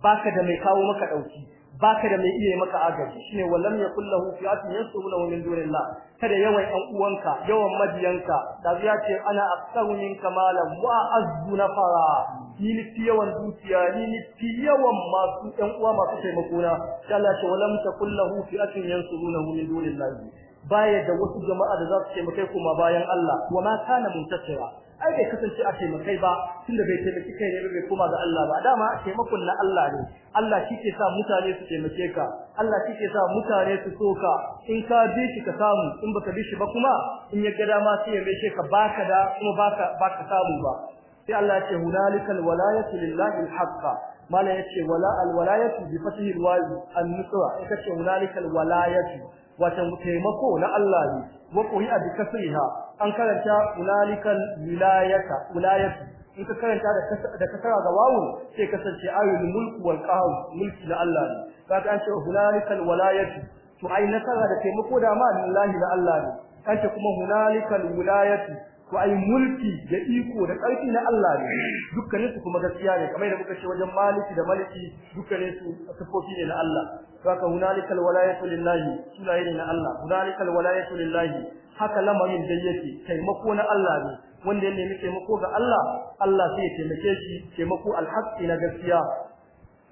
baka da mai kawo maka ɗauki. baka da mai iya maka agaji shine wallam yakul lahu fi'atun yasbu lahu min dunillah kada yawan an uwanka yawan madiyanka da ya ce ana aktaru min kamala wa azzu nafara ni ni fi yawan dukiya ni ni fi yawan masu ɗan uwa masu taimako na Allah ce wallam takul lahu fi'atun yasbu lahu min dunillah baya da wasu jama'a da za su taimakai kuma bayan Allah wa ma kana muntasira ai bai kasance a taimakai ba tunda bai taimaki kai ne bai koma ga Allah ba dama taimakon na Allah ne Allah shi ke sa mutane su taimake ka Allah shi ke sa mutane su so ka. in ka bi shi ka samu in baka bi shi ba kuma in ya ga dama sai ya mai ka baka da kuma baka baka samu ba sai Allah ya ce hunalikal walayatu lillahi alhaqqa mala yace wala alwalayatu bi fathi alwawi an-nusra ita ce hunalika alwalayatu wata taimako na Allah ne wa quri'a bi kasriha an karanta hunalika alwilayata in ka karanta da kasara ga wawu sai kasance ayyul mulku wal qahu mulki na Allah ne kaga an ce hunalika alwalayatu to ai nasara da taimako da ma lillahi da Allah ne kace kuma hunalika alwilayatu ko ai mulki da iko da ƙarfi na Allah ne dukkanin su kuma gaskiya ne kamar da muka ce wajen maliki da maliki dukkanin su sifofi ne na Allah to hunalikal walayatu lillahi sunaye ne na Allah hunalikal walayatu lillahi haka lamarin da yake taimako na Allah ne wanda ya nemi taimako ga Allah Allah sai ya taimake shi taimako alhaqi na gaskiya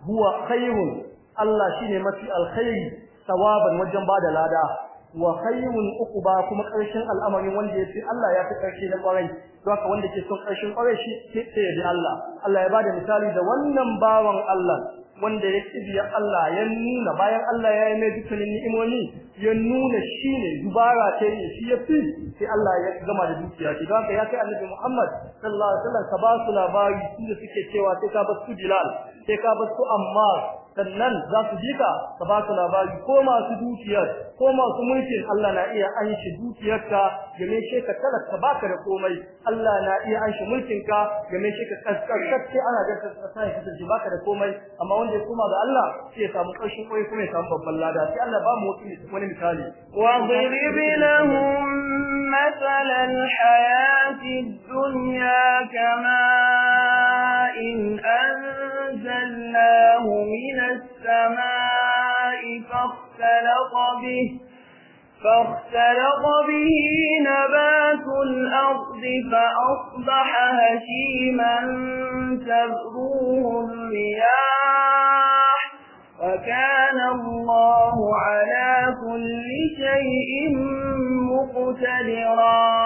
huwa khairun Allah shine mafi alkhairi sawaban wajen bada lada wa khayrun uquba kuma karshen al'amarin wanda yace Allah ya fi karshe na kwarai haka wanda ke son karshen kwarai shi sai da Allah Allah ya bada misali da wannan bawan Allah wanda ya kibiya Allah ya nuna bayan Allah ya yi mai dukkanin ni'imomi ya nuna ne, dubara ta yi shi ya fi sai Allah ya gama da dukiya shi haka ya kai Annabi Muhammad sallallahu alaihi wasallam ka ba su labari su da suke cewa sai ka ba su Bilal sai ka ba su Ammar sannan za su ji ka ka ba su labari ko masu dukiyar ko masu mulkin Allah na iya anshi dukiyarka game shi ka talaka baka da komai Allah na iya anshi ka game shi ka kaskar kace ana ga kaskarkacce ka ji baka da komai amma wanda ya koma ga Allah sai ya samu ƙarshen koyi kuma ya samu babban lada sai Allah ba mu wani misali wa ضرب لهم مثل الحياة الدنيا كماء أنزلناه من السماء فاختلط به فاختلط به نبات الأرض فأصبح هشيما تبروه الرياح وكان الله على كل شيء مقتدرا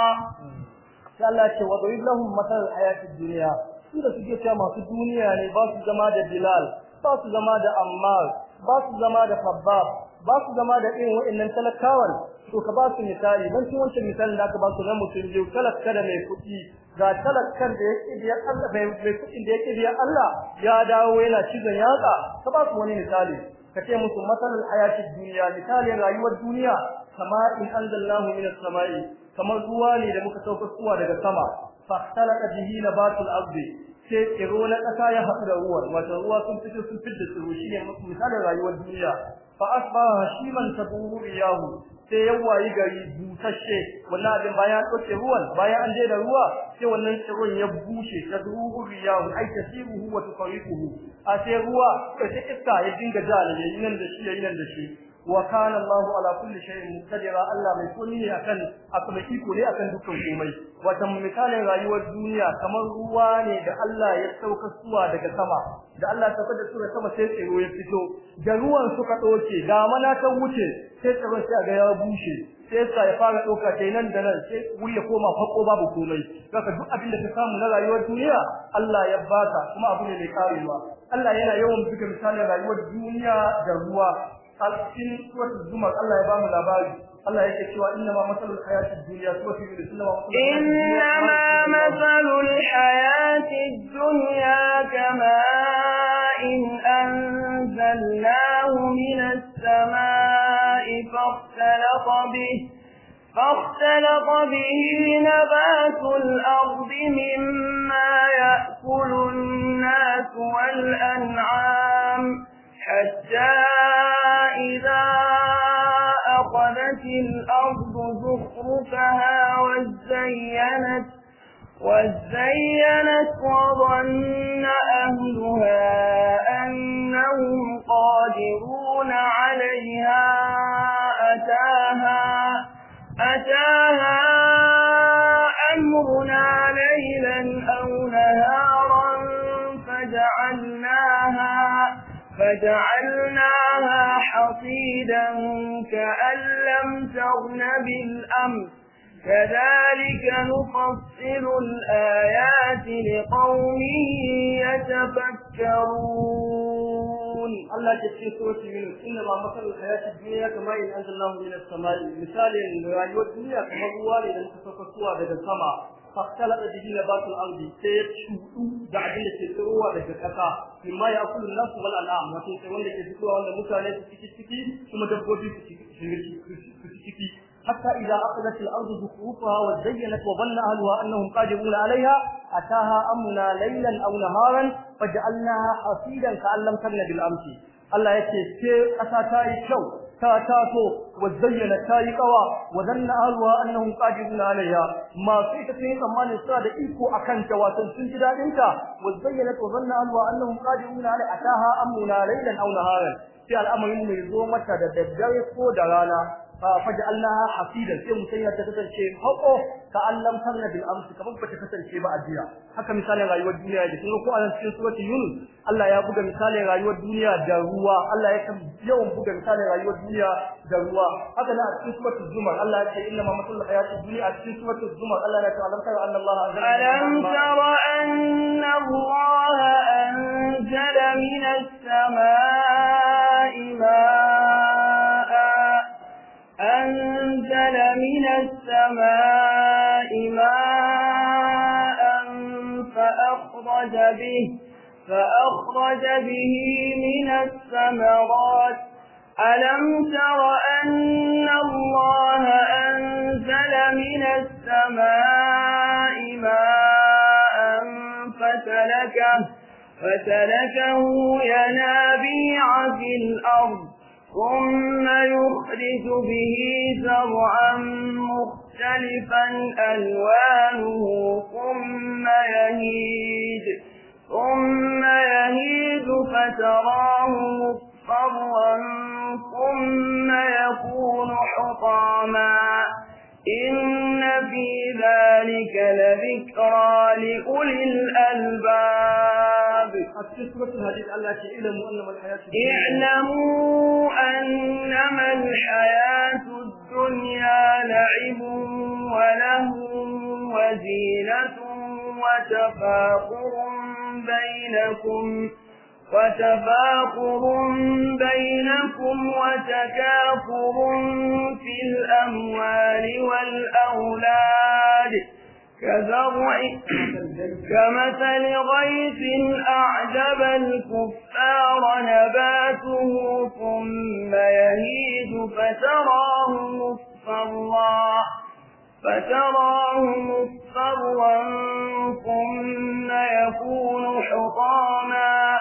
sallace wa doyi lahum matal hayatid dunya su da suke cewa masu duniya ne ba su zama da bilal ba su zama da ammar ba su zama da fabbab ba su zama da irin wa'annan talakawan to ka ba su misali don cin wancan misalin da aka ba su na mutum biyu talaka da mai kuɗi ga talakan da yake biya Allah mai kuɗin da yake biya Allah ya dawo yana cizon yatsa ka ba su wani misali ka ce musu matsalar hayatid duniya misalin rayuwar duniya kama in anzalallahu minas sama'i kamar ruwa ne da muka sauka kuwa daga sama fa khalaqa bihi nabatul ardi sai tsiro na ƙasa ya haɗu da ruwan wato ruwa sun fito sun fito tsiro shi ne misalin rayuwar duniya fa asbaha shiman taburu iyahu sai ya wayi gari busashe wannan abin bayan ɗauke ruwan bayan an je da ruwa sai wannan tsiron ya bushe ta taburu iyahu ai sibu huwa tuqriquhu a sai ruwa ta iska ya dinga ne nan da shi nan da shi wa kana Allahu ala kulli shay'in muqtadira Allah mai kulli ne akan akan mai iko ne akan dukkan komai wata misalin rayuwar duniya kamar ruwa ne da Allah ya sauka suwa daga sama da Allah ta da suwa sama sai tsiro ya fito da ruwan suka doke da mana ta wuce sai tsiron sai ga ya bushe sai sa ya fara doka kai nan da nan sai wuri ya koma fako babu komai saka duk abin da ka samu na rayuwar duniya Allah ya baka kuma abu ne mai karewa Allah yana yawan buga misalin rayuwar duniya da ruwa cikin suratul zumar Allah ya ba mu labari Allah yake cewa inna ma masalul hayatid dunya huwa fi inna ma masalul hayatid dunya kama in anzalnahu minas samaa'i fahtalaqa bihi فاختلط به نبات الأرض مما يأكل الناس والأنعام حتى إذا أخذت الأرض زخرفها وزينت وزينت وظن أهلها أنهم قادرون عليها أتاها أتاها أمرنا ليلا فجعلناها حصيدا كأن لم تغن بالأمر كذلك نفصل الآيات لقوم يتفكرون الله تشكي سورة يونس إنما مثل الحياة الدنيا كما إن الله من السماء مثال رأيوة الدنيا كما هو لأن تفكسوا بدا السماء فاختلق به نبات الأرض سيتشوتو بعدين تتروى بكتا مما يأكل الناس والأنعام وكي تقول لك تتروى أن موسى لا تتكي تتكي ثم تبودي تتكي حتى إذا أخذت الأرض زخوفها وزينت وظن أهلها أنهم قادرون عليها أتاها أمنا ليلا أو نهارا فجعلناها حصيدا كأن لم تكن بالأمس الله يكي كي أساتاي شوك ta taso wa zayyana ta yi kawa wa zanna ahluha annahum qadiruna alayha ma sai ta sanya tsammani su da iko akan ta wato sun ji dadin ta wa zayyana wa zanna ahluha annahum qadiruna alayha ataha amuna laylan auna naharan sai al'amarin mai zo mata da daddare ko da rana faj'alnaha hasidan sai musanya ta kasance hako ka allam tarna bil amsi kamar ba ta kasance ba a jiya haka misalin rayuwar duniya da kun ko a cikin suratul yunus Allah ya buga misalin rayuwar duniya da ruwa Allah ya kan yawan buga misalin rayuwar duniya da ruwa haka na cikin suratul zumar Allah ya ce inna ma matul hayati dunya a cikin suratul zumar Allah ya ce alam tara anna Allah alam tara anna Allah anzala minas samaa أنزل من السماء ماء فأخرج به فأخرج به من الثمرات ألم تر أن الله أنزل من السماء ماء فتلكه فسلكه ينابيع في الأرض ثم يخرج به زرعا مختلفا ألوانه ثم يهيد ثم يهيد فتراه مصفرا ثم يكون حطاما إن في ذلك لذكرى لأولي الألباب اعلموا أنما الحياة الدنيا اعلموا أنما الحياة الدنيا لعب وله وزينة وتفاخر بينكم وتفاخر بينكم وتكاثر في الأموال والأولاد كزرع كمثل غيث أعجب الكفار نباته ثم يهيد فتراه مصفرا فتراه مصفرا ثم يكون حطاما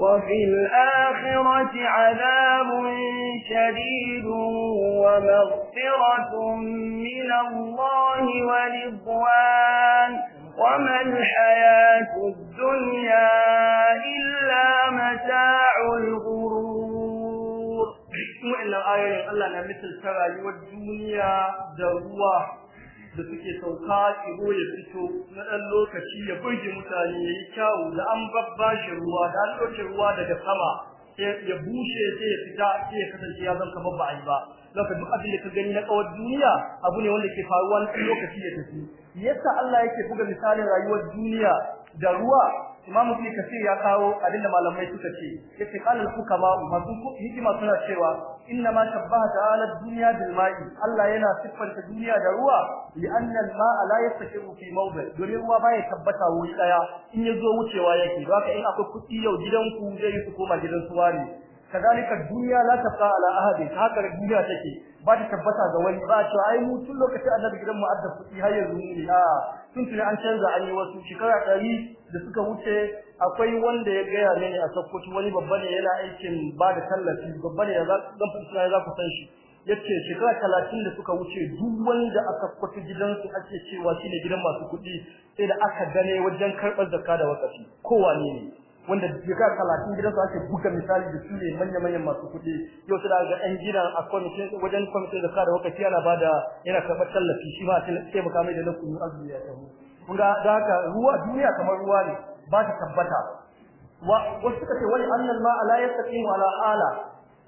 وفي الآخرة عذاب شديد ومغفرة من الله ورضوان وما الحياة الدنيا إلا متاع الغرور وإلا آية الله مثل ترى والدنيا الدنيا دروا da suke sauka iho ya fito na ɗan lokaci ya burge mutane ya yi kyawu da an shi ruwa da an ɗauke ruwa daga sama ya bushe sai ya fita sai ya kasance ya zama babba ba a yi ba Lokacin duk abin da ka gani na ƙawar duniya abu ne wanda ke faruwa na lokaci ya tafi yasa Allah yake buga misalin rayuwar duniya da ruwa Imam Ibn Kathir ya kawo abinda malamai suka ce yace qala al-fuqaha masu hikima suna cewa inna ma shabbaha ta'ala ad-dunya bil ma'i Allah yana siffanta duniya da ruwa li anna al-ma'a la yastashiru fi mawdi domin ruwa baya tabbata wuri daya in yazo wucewa yake haka in akwai kuɗi yau gidanku zai su koma gidan su wani kazalika duniya la taqa ala ahadi haka duniya take ba ta tabbata ga wani ba cewa ai mu tun lokacin annabi gidan mu adda kuɗi har yanzu ne a tun tuni an canza an yi wasu shekara ɗari da suka wuce akwai wanda ya gaya mini a Sokoto wani babba ne yana aikin ba da tallafi babba ne zan ku za ku san shi yace shekara talatin da suka wuce duk wanda aka kwata gidansu ake cewa shine gidan masu kuɗi sai da aka gane wajen karɓar zakka da wakafi kowa ne wanda shekara talatin gidansu ake buga misali da su ne manya-manyan masu kuɗi yau sai daga ɗan gidan a kwamitin wajen kwamitin zakka da wakafi yana bada yana karɓar tallafi shi ba sai taimaka mai da na kunu azumi ya taho kun ga ruwa duniya kamar ruwa ne ba ta tabbata wa wasu suka wani annal ma ala yastaqimu ala ala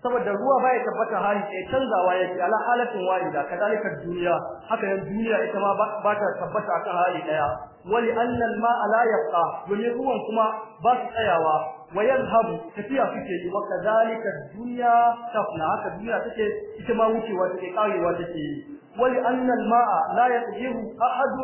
saboda ruwa baya tabbata hali sai canzawa yake ala halatin wahida kadalika duniya haka yan duniya ita ma ba ta tabbata akan hali daya wali annal ma ala yabqa domin ruwan kuma ba su tsayawa wa yadhhabu tafiya suke yi wa kadalika duniya tafna haka duniya take ita ma wucewa take karewa take ولأن الماء لا يقدر أحد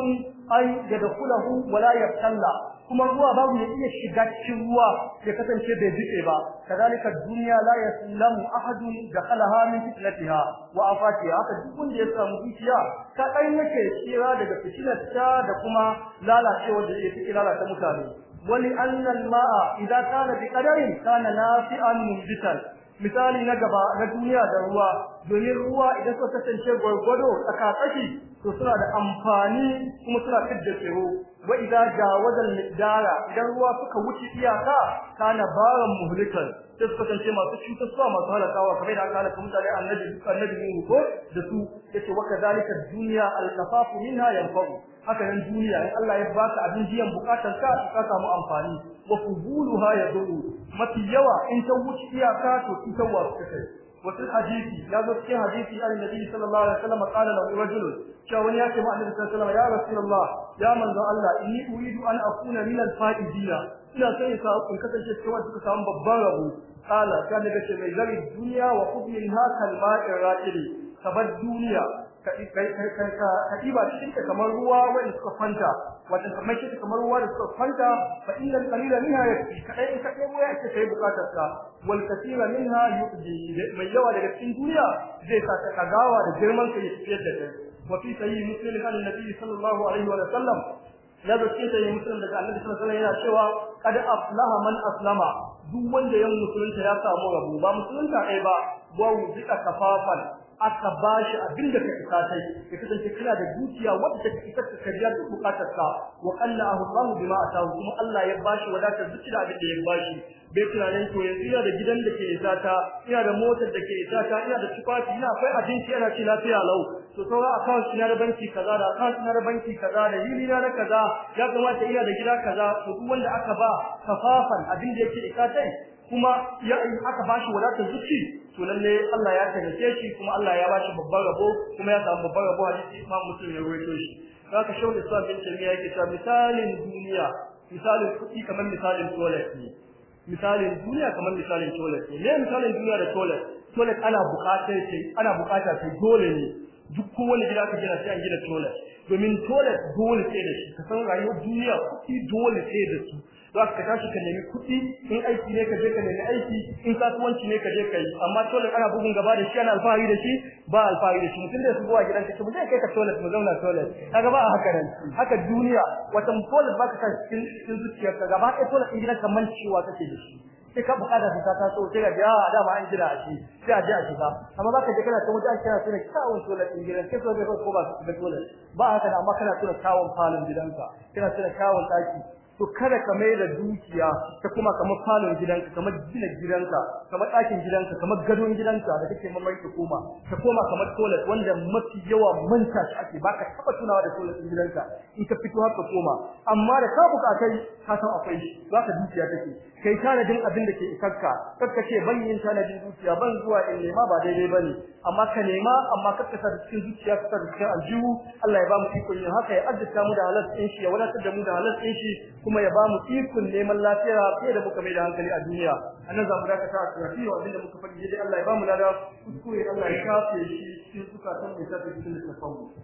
أن يدخله ولا يبتلى kuma ruwa babu ya iya shiga cikin ruwa ya kasance bai dutse ba Ka kadalika duniya la yaslamu ahadun dakhalaha min fitnatiha wa afatiha haka duk wanda ya samu zuciya ka dan tsira daga fitnarta da kuma lalacewa da yake lalata mutane wali anna al-ma'a idza kana bi qadarin kana nafi'an mujtal misali na gaba na duniya da ruwa domin ruwa idan suka kasance gwargwado tsaka tsaki to suna da amfani kuma suna fidda tsiro wa idza jawaza al-dara idan ruwa suka wuce iyaka kana baran muhlikan sai suka kasance masu cutarwa masu halakawa kamar da aka halaka mutane annabi annabi ne ko da su yace wa kadhalika dunya al-kafafu minha yanfa'u haka nan duniya in Allah ya baka abin jiyan bukatar ka ka samu amfani wa fubuluha yadu mafi yawa in ta wuce iyaka to cutarwa suka kai وفي الحديث يا ذكي حديث عن النبي صلى الله عليه وسلم قال له رجل شاون يا كما النبي صلى الله عليه وسلم يا رسول الله يا من ذا الله إني أريد أن أكون من الفائزين ina son in kasance cikin wanda suka samu babban rabo kala ta daga ce mai zari duniya wa kudin hakal ma'in ra'ili kabar duniya Katiba ɗiba cikin ta kamar ruwa wanda suka fanta, wanda kamar shi kamar ruwa da suka fanta, fa innal qalila minha yakfi kadai in ka ɗebo ya ce kai bukatar ka wal kathira minha yuqdi mai yawa daga cikin duniya zai sa ka kagawa da girman ka ya tafiyar da kai wa fi sahih muslim an nabi sallallahu alaihi wa sallam ya zo cikin sahih muslim daga annabi sallallahu alaihi wa sallam yana cewa qad aflaha man aslama duk wanda ya musulunta ya samu rabo ba musulunta ɗaya ba wa wuzika kafafan aka ba abin da ka isa sai ya kasance kana da dukiya wadda ta isa ka kariya duk bukatar ka wa qalla Allah bima atahu kuma Allah ya bashi wadatar zuci da abin da ya bashi bai tunanin to yanzu ina da gidan da ke isa ta ina da motar da ke isa ta ina da tufafi ina akwai abinci ina ci lafiya lau to akawun account da banki kaza da account ina da banki kaza da yili na da kaza ya kamata ina da gida kaza to duk wanda aka ba kafafan abin da yake isa kuma ya aka bashi wadatar zuci to lalle Allah ya taimake shi kuma Allah ya bashi babban rabo kuma ya samu babban rabo hadisi Imam Muslim ya rawaito shi haka shawul Islam bin Taymiyyah yake cewa misalin duniya misalin kuɗi kamar misalin toilet ne misalin duniya kamar misalin toilet ne Me misalin duniya da toilet toilet ana buƙatar ce ana buƙata ce dole ne duk kowane gida ka gina sai an gina toilet domin toilet dole sai da shi ka san rayuwar duniya kuɗi dole sai da su za ka tashi ka nemi kuɗi in aiki ne ka je ka nemi aiki in kasuwanci ne ka je ka yi amma tolet ana bugun gaba da shi ana alfahari da shi ba alfahari da shi mutum da su zuwa gidan ka mu zai kai ka tolet mu zauna tolet kaga ba a haka nan haka duniya wata tolet ba ka san cikin cikin ka gaba ɗaya tolet in gidan ka mancewa kake da shi sai ka su ta taso sai ka ya ah, da dama an jira a shi sai a je a shiga amma ka je kana ta mutu ake kira sunan kawun in din gidan sai so bai ko ba da tolet ba haka nan amma kana tuna kawun falon gidanka kana tuna kawun ɗaki to kada ka mai da dukiya ta kuma kamar falon gidanka kamar gina gidanka kamar ɗakin gidanka kamar gadon gidanka da kake mamai ta koma ta koma kamar toilet wanda mafi yawa manta shi ake baka taba tunawa da toilet gidanka in ka fito har ka koma amma da ka buƙatai ka san akwai shi zaka dukiya take kai tanadin abin da ke isarka kakka ce ban yin tanadin zuciya ban zuwa in nema ba daidai bane amma ka nema amma kakka sa cikin zuciya ka sa cikin aljihu Allah ya ba mu iko yin haka ya azzata mu da halal din shi ya wadatar da mu da halal din shi kuma ya ba mu ikon neman lafiya fiye da muka mai da hankali a duniya annan za mu dakata a tarafi wa abin da muka faɗi dai Allah ya ba mu lada kuskure Allah ya kafe shi cikin san mai sa cikin tasawuf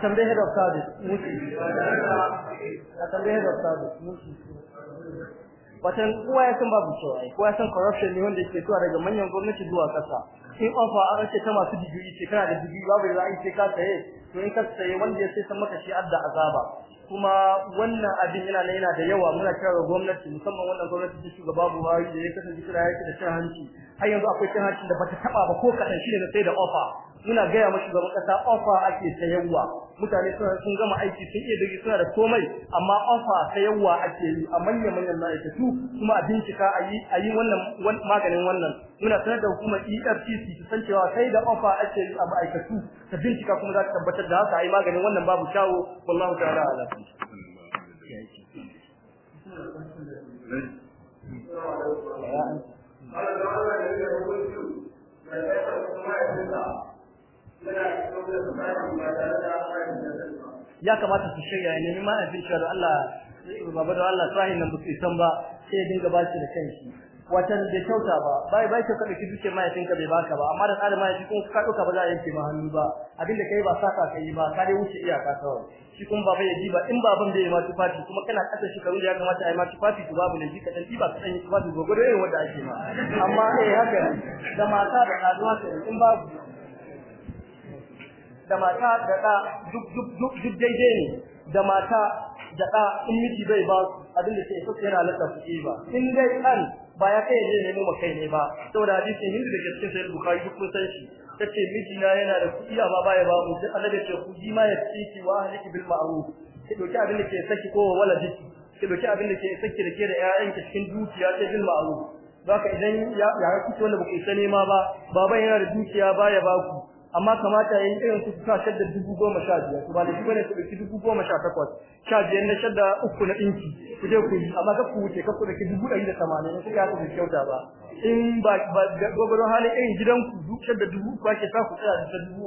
atambehe da ustadi mushi atambehe da ustadi mushi watan kowa ya san babu cewa kowa ya san corruption ne wanda yake zuwa daga manyan gwamnati zuwa kasa in ofa an ce ta masu digiri ce kana da digiri babu da ai ce ka tsaye to in ka tsaye wanda ya sai san maka shi adda azaba kuma wannan abin yana nan yana da yawa muna kira gwamnati musamman wannan gwamnati ta shugaba Buhari da ya kasance kira yake da cin hanci har yanzu akwai cin hanci da bata taba ba ko kadan shi ne sai da ofa muna gaya ma shugaban kasa ofa ake sayarwa mutane suna sun gama aiki sun iya dage suna da komai amma ofa ta yawa ake yi a manyan manyan ma'aikatu kuma a bincika a yi a yi wannan maganin wannan muna sanar da hukumar EFCC su san cewa sai da ofa ake yi a ma'aikatu ta bincika kuma za ta tabbatar da haka a yi maganin wannan babu shawo wallahu ta'ala ala Thank you. ya kamata su shirya ne ma a bin da Allah babu da Allah sahi nan buƙi san ba sai dinga ba shi da kanshi watan da kyauta ba bai bai ka kada kike mai tinka bai baka ba amma da tsare ma shi kun ka duka ba za a yanke ma hannu ba abinda kai ba saka kai ba ka dai wuce iyaka kawai shi kun baba ya diba in baban bai ma tufafi kuma kana kasa shi karu da ya kamata ai ma tufafi to babu ne ji ka dan ba ka dan tufafi gogoro irin wanda ake ma amma eh haka da mata da kaduwa in babu da mata da ɗa duk duk duk duk daidai ne da mata da ɗa in miji bai ba abin da ke so yana laka su ba in dai an ba ya kai ne ne ma kai ne ba saboda hadisi hindu da ke cikin sahih duk kun san shi tace miji na yana da kuɗi amma ba ya ba mu sai Allah ya ce ku ji ma ya tsiki wa ahliki bil ma'ruf ki doki abin da ke saki ko waladi ki doki abin da ke saki da ke da 'ya'yanka cikin dukiya ta bil ma'ruf zaka idan ya ya kuke wanda ba ku sani ma ba baban yana da dukiya ba ya ba ku amma kamata yayin irin su goma shadda 10015 to ba da bane su dubu goma sha biyar na shadda uku na dinki ku je ku amma ka kuce wuce ka ku dake ne ku ya ku kyauta ba in ba gogoro halin irin ku duk shadda dubu ku ake sa ku tsaya da 1000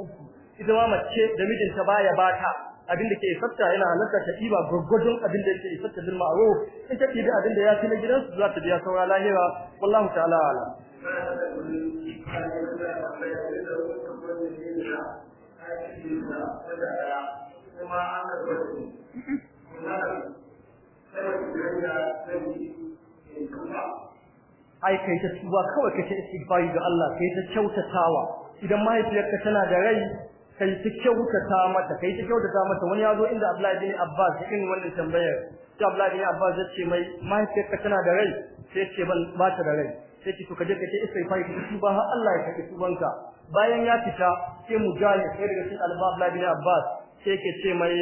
ita ma mace da mijinta baya bata abin da ke sabta yana halarta ta diba gurgurdun abin da ke sabta din ma'ruf in ta diba abin da ya fi na gidansu za ta biya saura lahira wallahu ta'ala alam kuma an karɓar su kuma sai da zai kuma ai kai ta tuba kawai kace istighfari ga Allah kai ta kyautatawa idan mahaifiyarka tana da rai kai ta kyautata mata kai ta kyautata mata wani yazo inda Abdullahi bin Abbas cikin wannan tambayar ta Abdullahi bin Abbas ya ce mai mahaifiyarka tana da rai sai ce ban ba ta da rai sai ki to kaje ka ce istighfar ki tuba har Allah ya karbi tubanka bayan ya fita sai mujahid sai daga cikin albab la bin abbas sai ke ce mai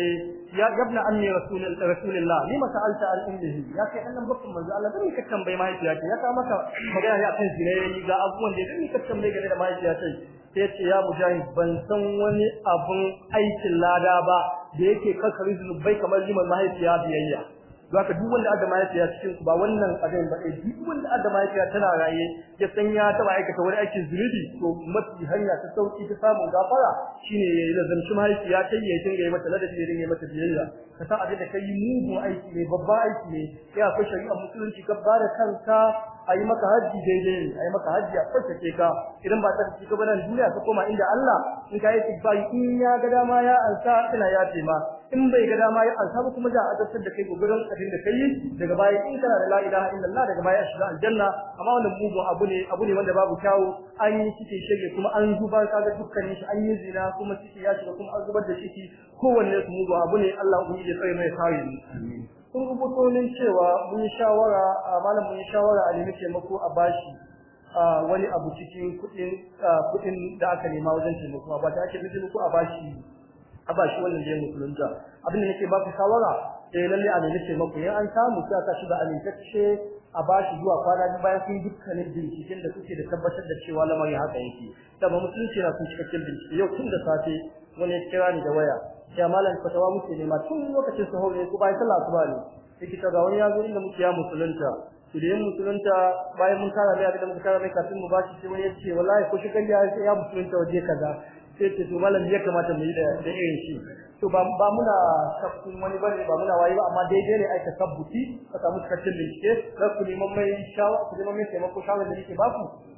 ya gabna anni rasulul rasulullah ni sa'alta an ummihi ya kai annan bakkan manzo Allah dan ka tambaye mahaifiya ce ya ka maka magana ya kan zinayi ga abubuwan da dan ka tambaye game da mahaifiya ce sai ce ya mujahid ban san wani abun aikin lada ba da yake kakari zunubai kamar liman mahaifiya biyayya zaka duk wanda ya mahaifiya cikin ba wannan abin ba kai eh, duk wanda ya mahaifiya tana raye ya san ya taba aikata wani aikin zunubi to mafi hanya ta sauki ta samun gafara shine ya yi lazanci mahaifiya ya ya shi yi mata ladabi ya dinga mata biyayya ka san abin da kai mugun aiki ne babba aiki ne ya akwai shari'a musulunci ka bada kanka a maka haji daidai ne a maka haji a ce ka idan ba ta ci gaba nan duniya ka koma inda Allah in ka yi in ya ga dama ya ansa ina ya ma in bai ga dama ya ansa ba kuma da a da kai gurin abin da kai daga baya in kana da la ilaha illallah daga baya shiga aljanna amma wannan mugu abu ne abu ne wanda babu kyawu an yi cike shege kuma an zubar kaga dukkanin shi an yi zina kuma cike ya shiga kuma an zubar da shi kowanne su mugu abu ne Allah ubangiji ya tsare mai kare amin kun rubuto ne cewa mun shawara malam mun shawara a nemi taimako a bashi wani abu cikin kuɗin da aka nema wajen taimako ba ta ake nufin ko a bashi a ba shi wannan da ya musulunta abinda da nake ba ku shawara sai eh, lalle a nemi taimako ya an samu sai aka shi da amintacce a ba shi zuwa kwana biyu bayan kun dukkanin binciken da kuke da tabbatar da cewa lamarin haka yake saboda musulunci na kun cikakken bincike yau tun da safe wani kira ni da waya ya malam fatawa muke nema tun lokacin su ne ko bayan sallah asuba ne yake ga wani ya zo inda muke ya musulunta idan musulunta bayan mun kara mai abin da muka mai kafin mu bashi sai wani ya ce wallahi ko shi kan ya ya musulunta waje kaza sai ce to malam ya kamata mu yi da irin shi to ba ba muna sabbin wani bane ba muna wayi ba amma daidai ne aika sabbuti ka samu cikakken bincike da ku neman mai shawa ku neman mai taimako shawara da ba ku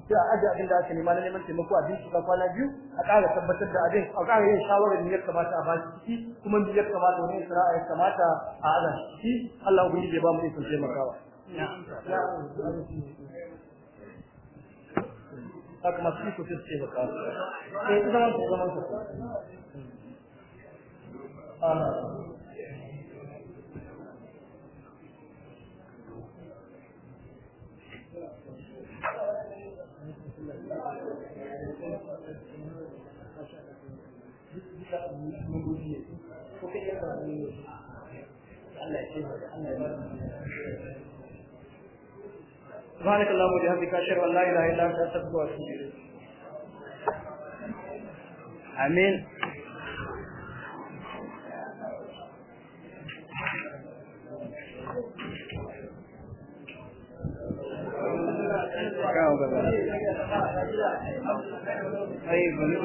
sai a aje abin da ake nema na neman taimako a bincike ka kwana biyu a ƙara tabbatar da abin a ƙara yin shawara da ya kamata a ba shi kuma da ya kamata wani sana'a ya kamata a aza shi Allah ubangiji ya ba mu ikon taimakawa na'am haka masu iko sai su ce baka sai zama su zama su Allah ya ce سبحانك اللهم وبحمدك اشهد ان لا اله الا انت استغفرك واتوب اليك امين طيب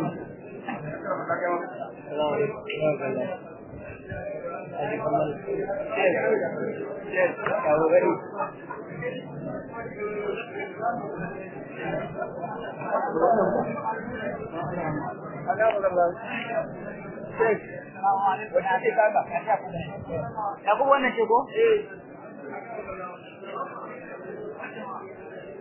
السلام عليكم Abubuwan nan ce ko? Eh.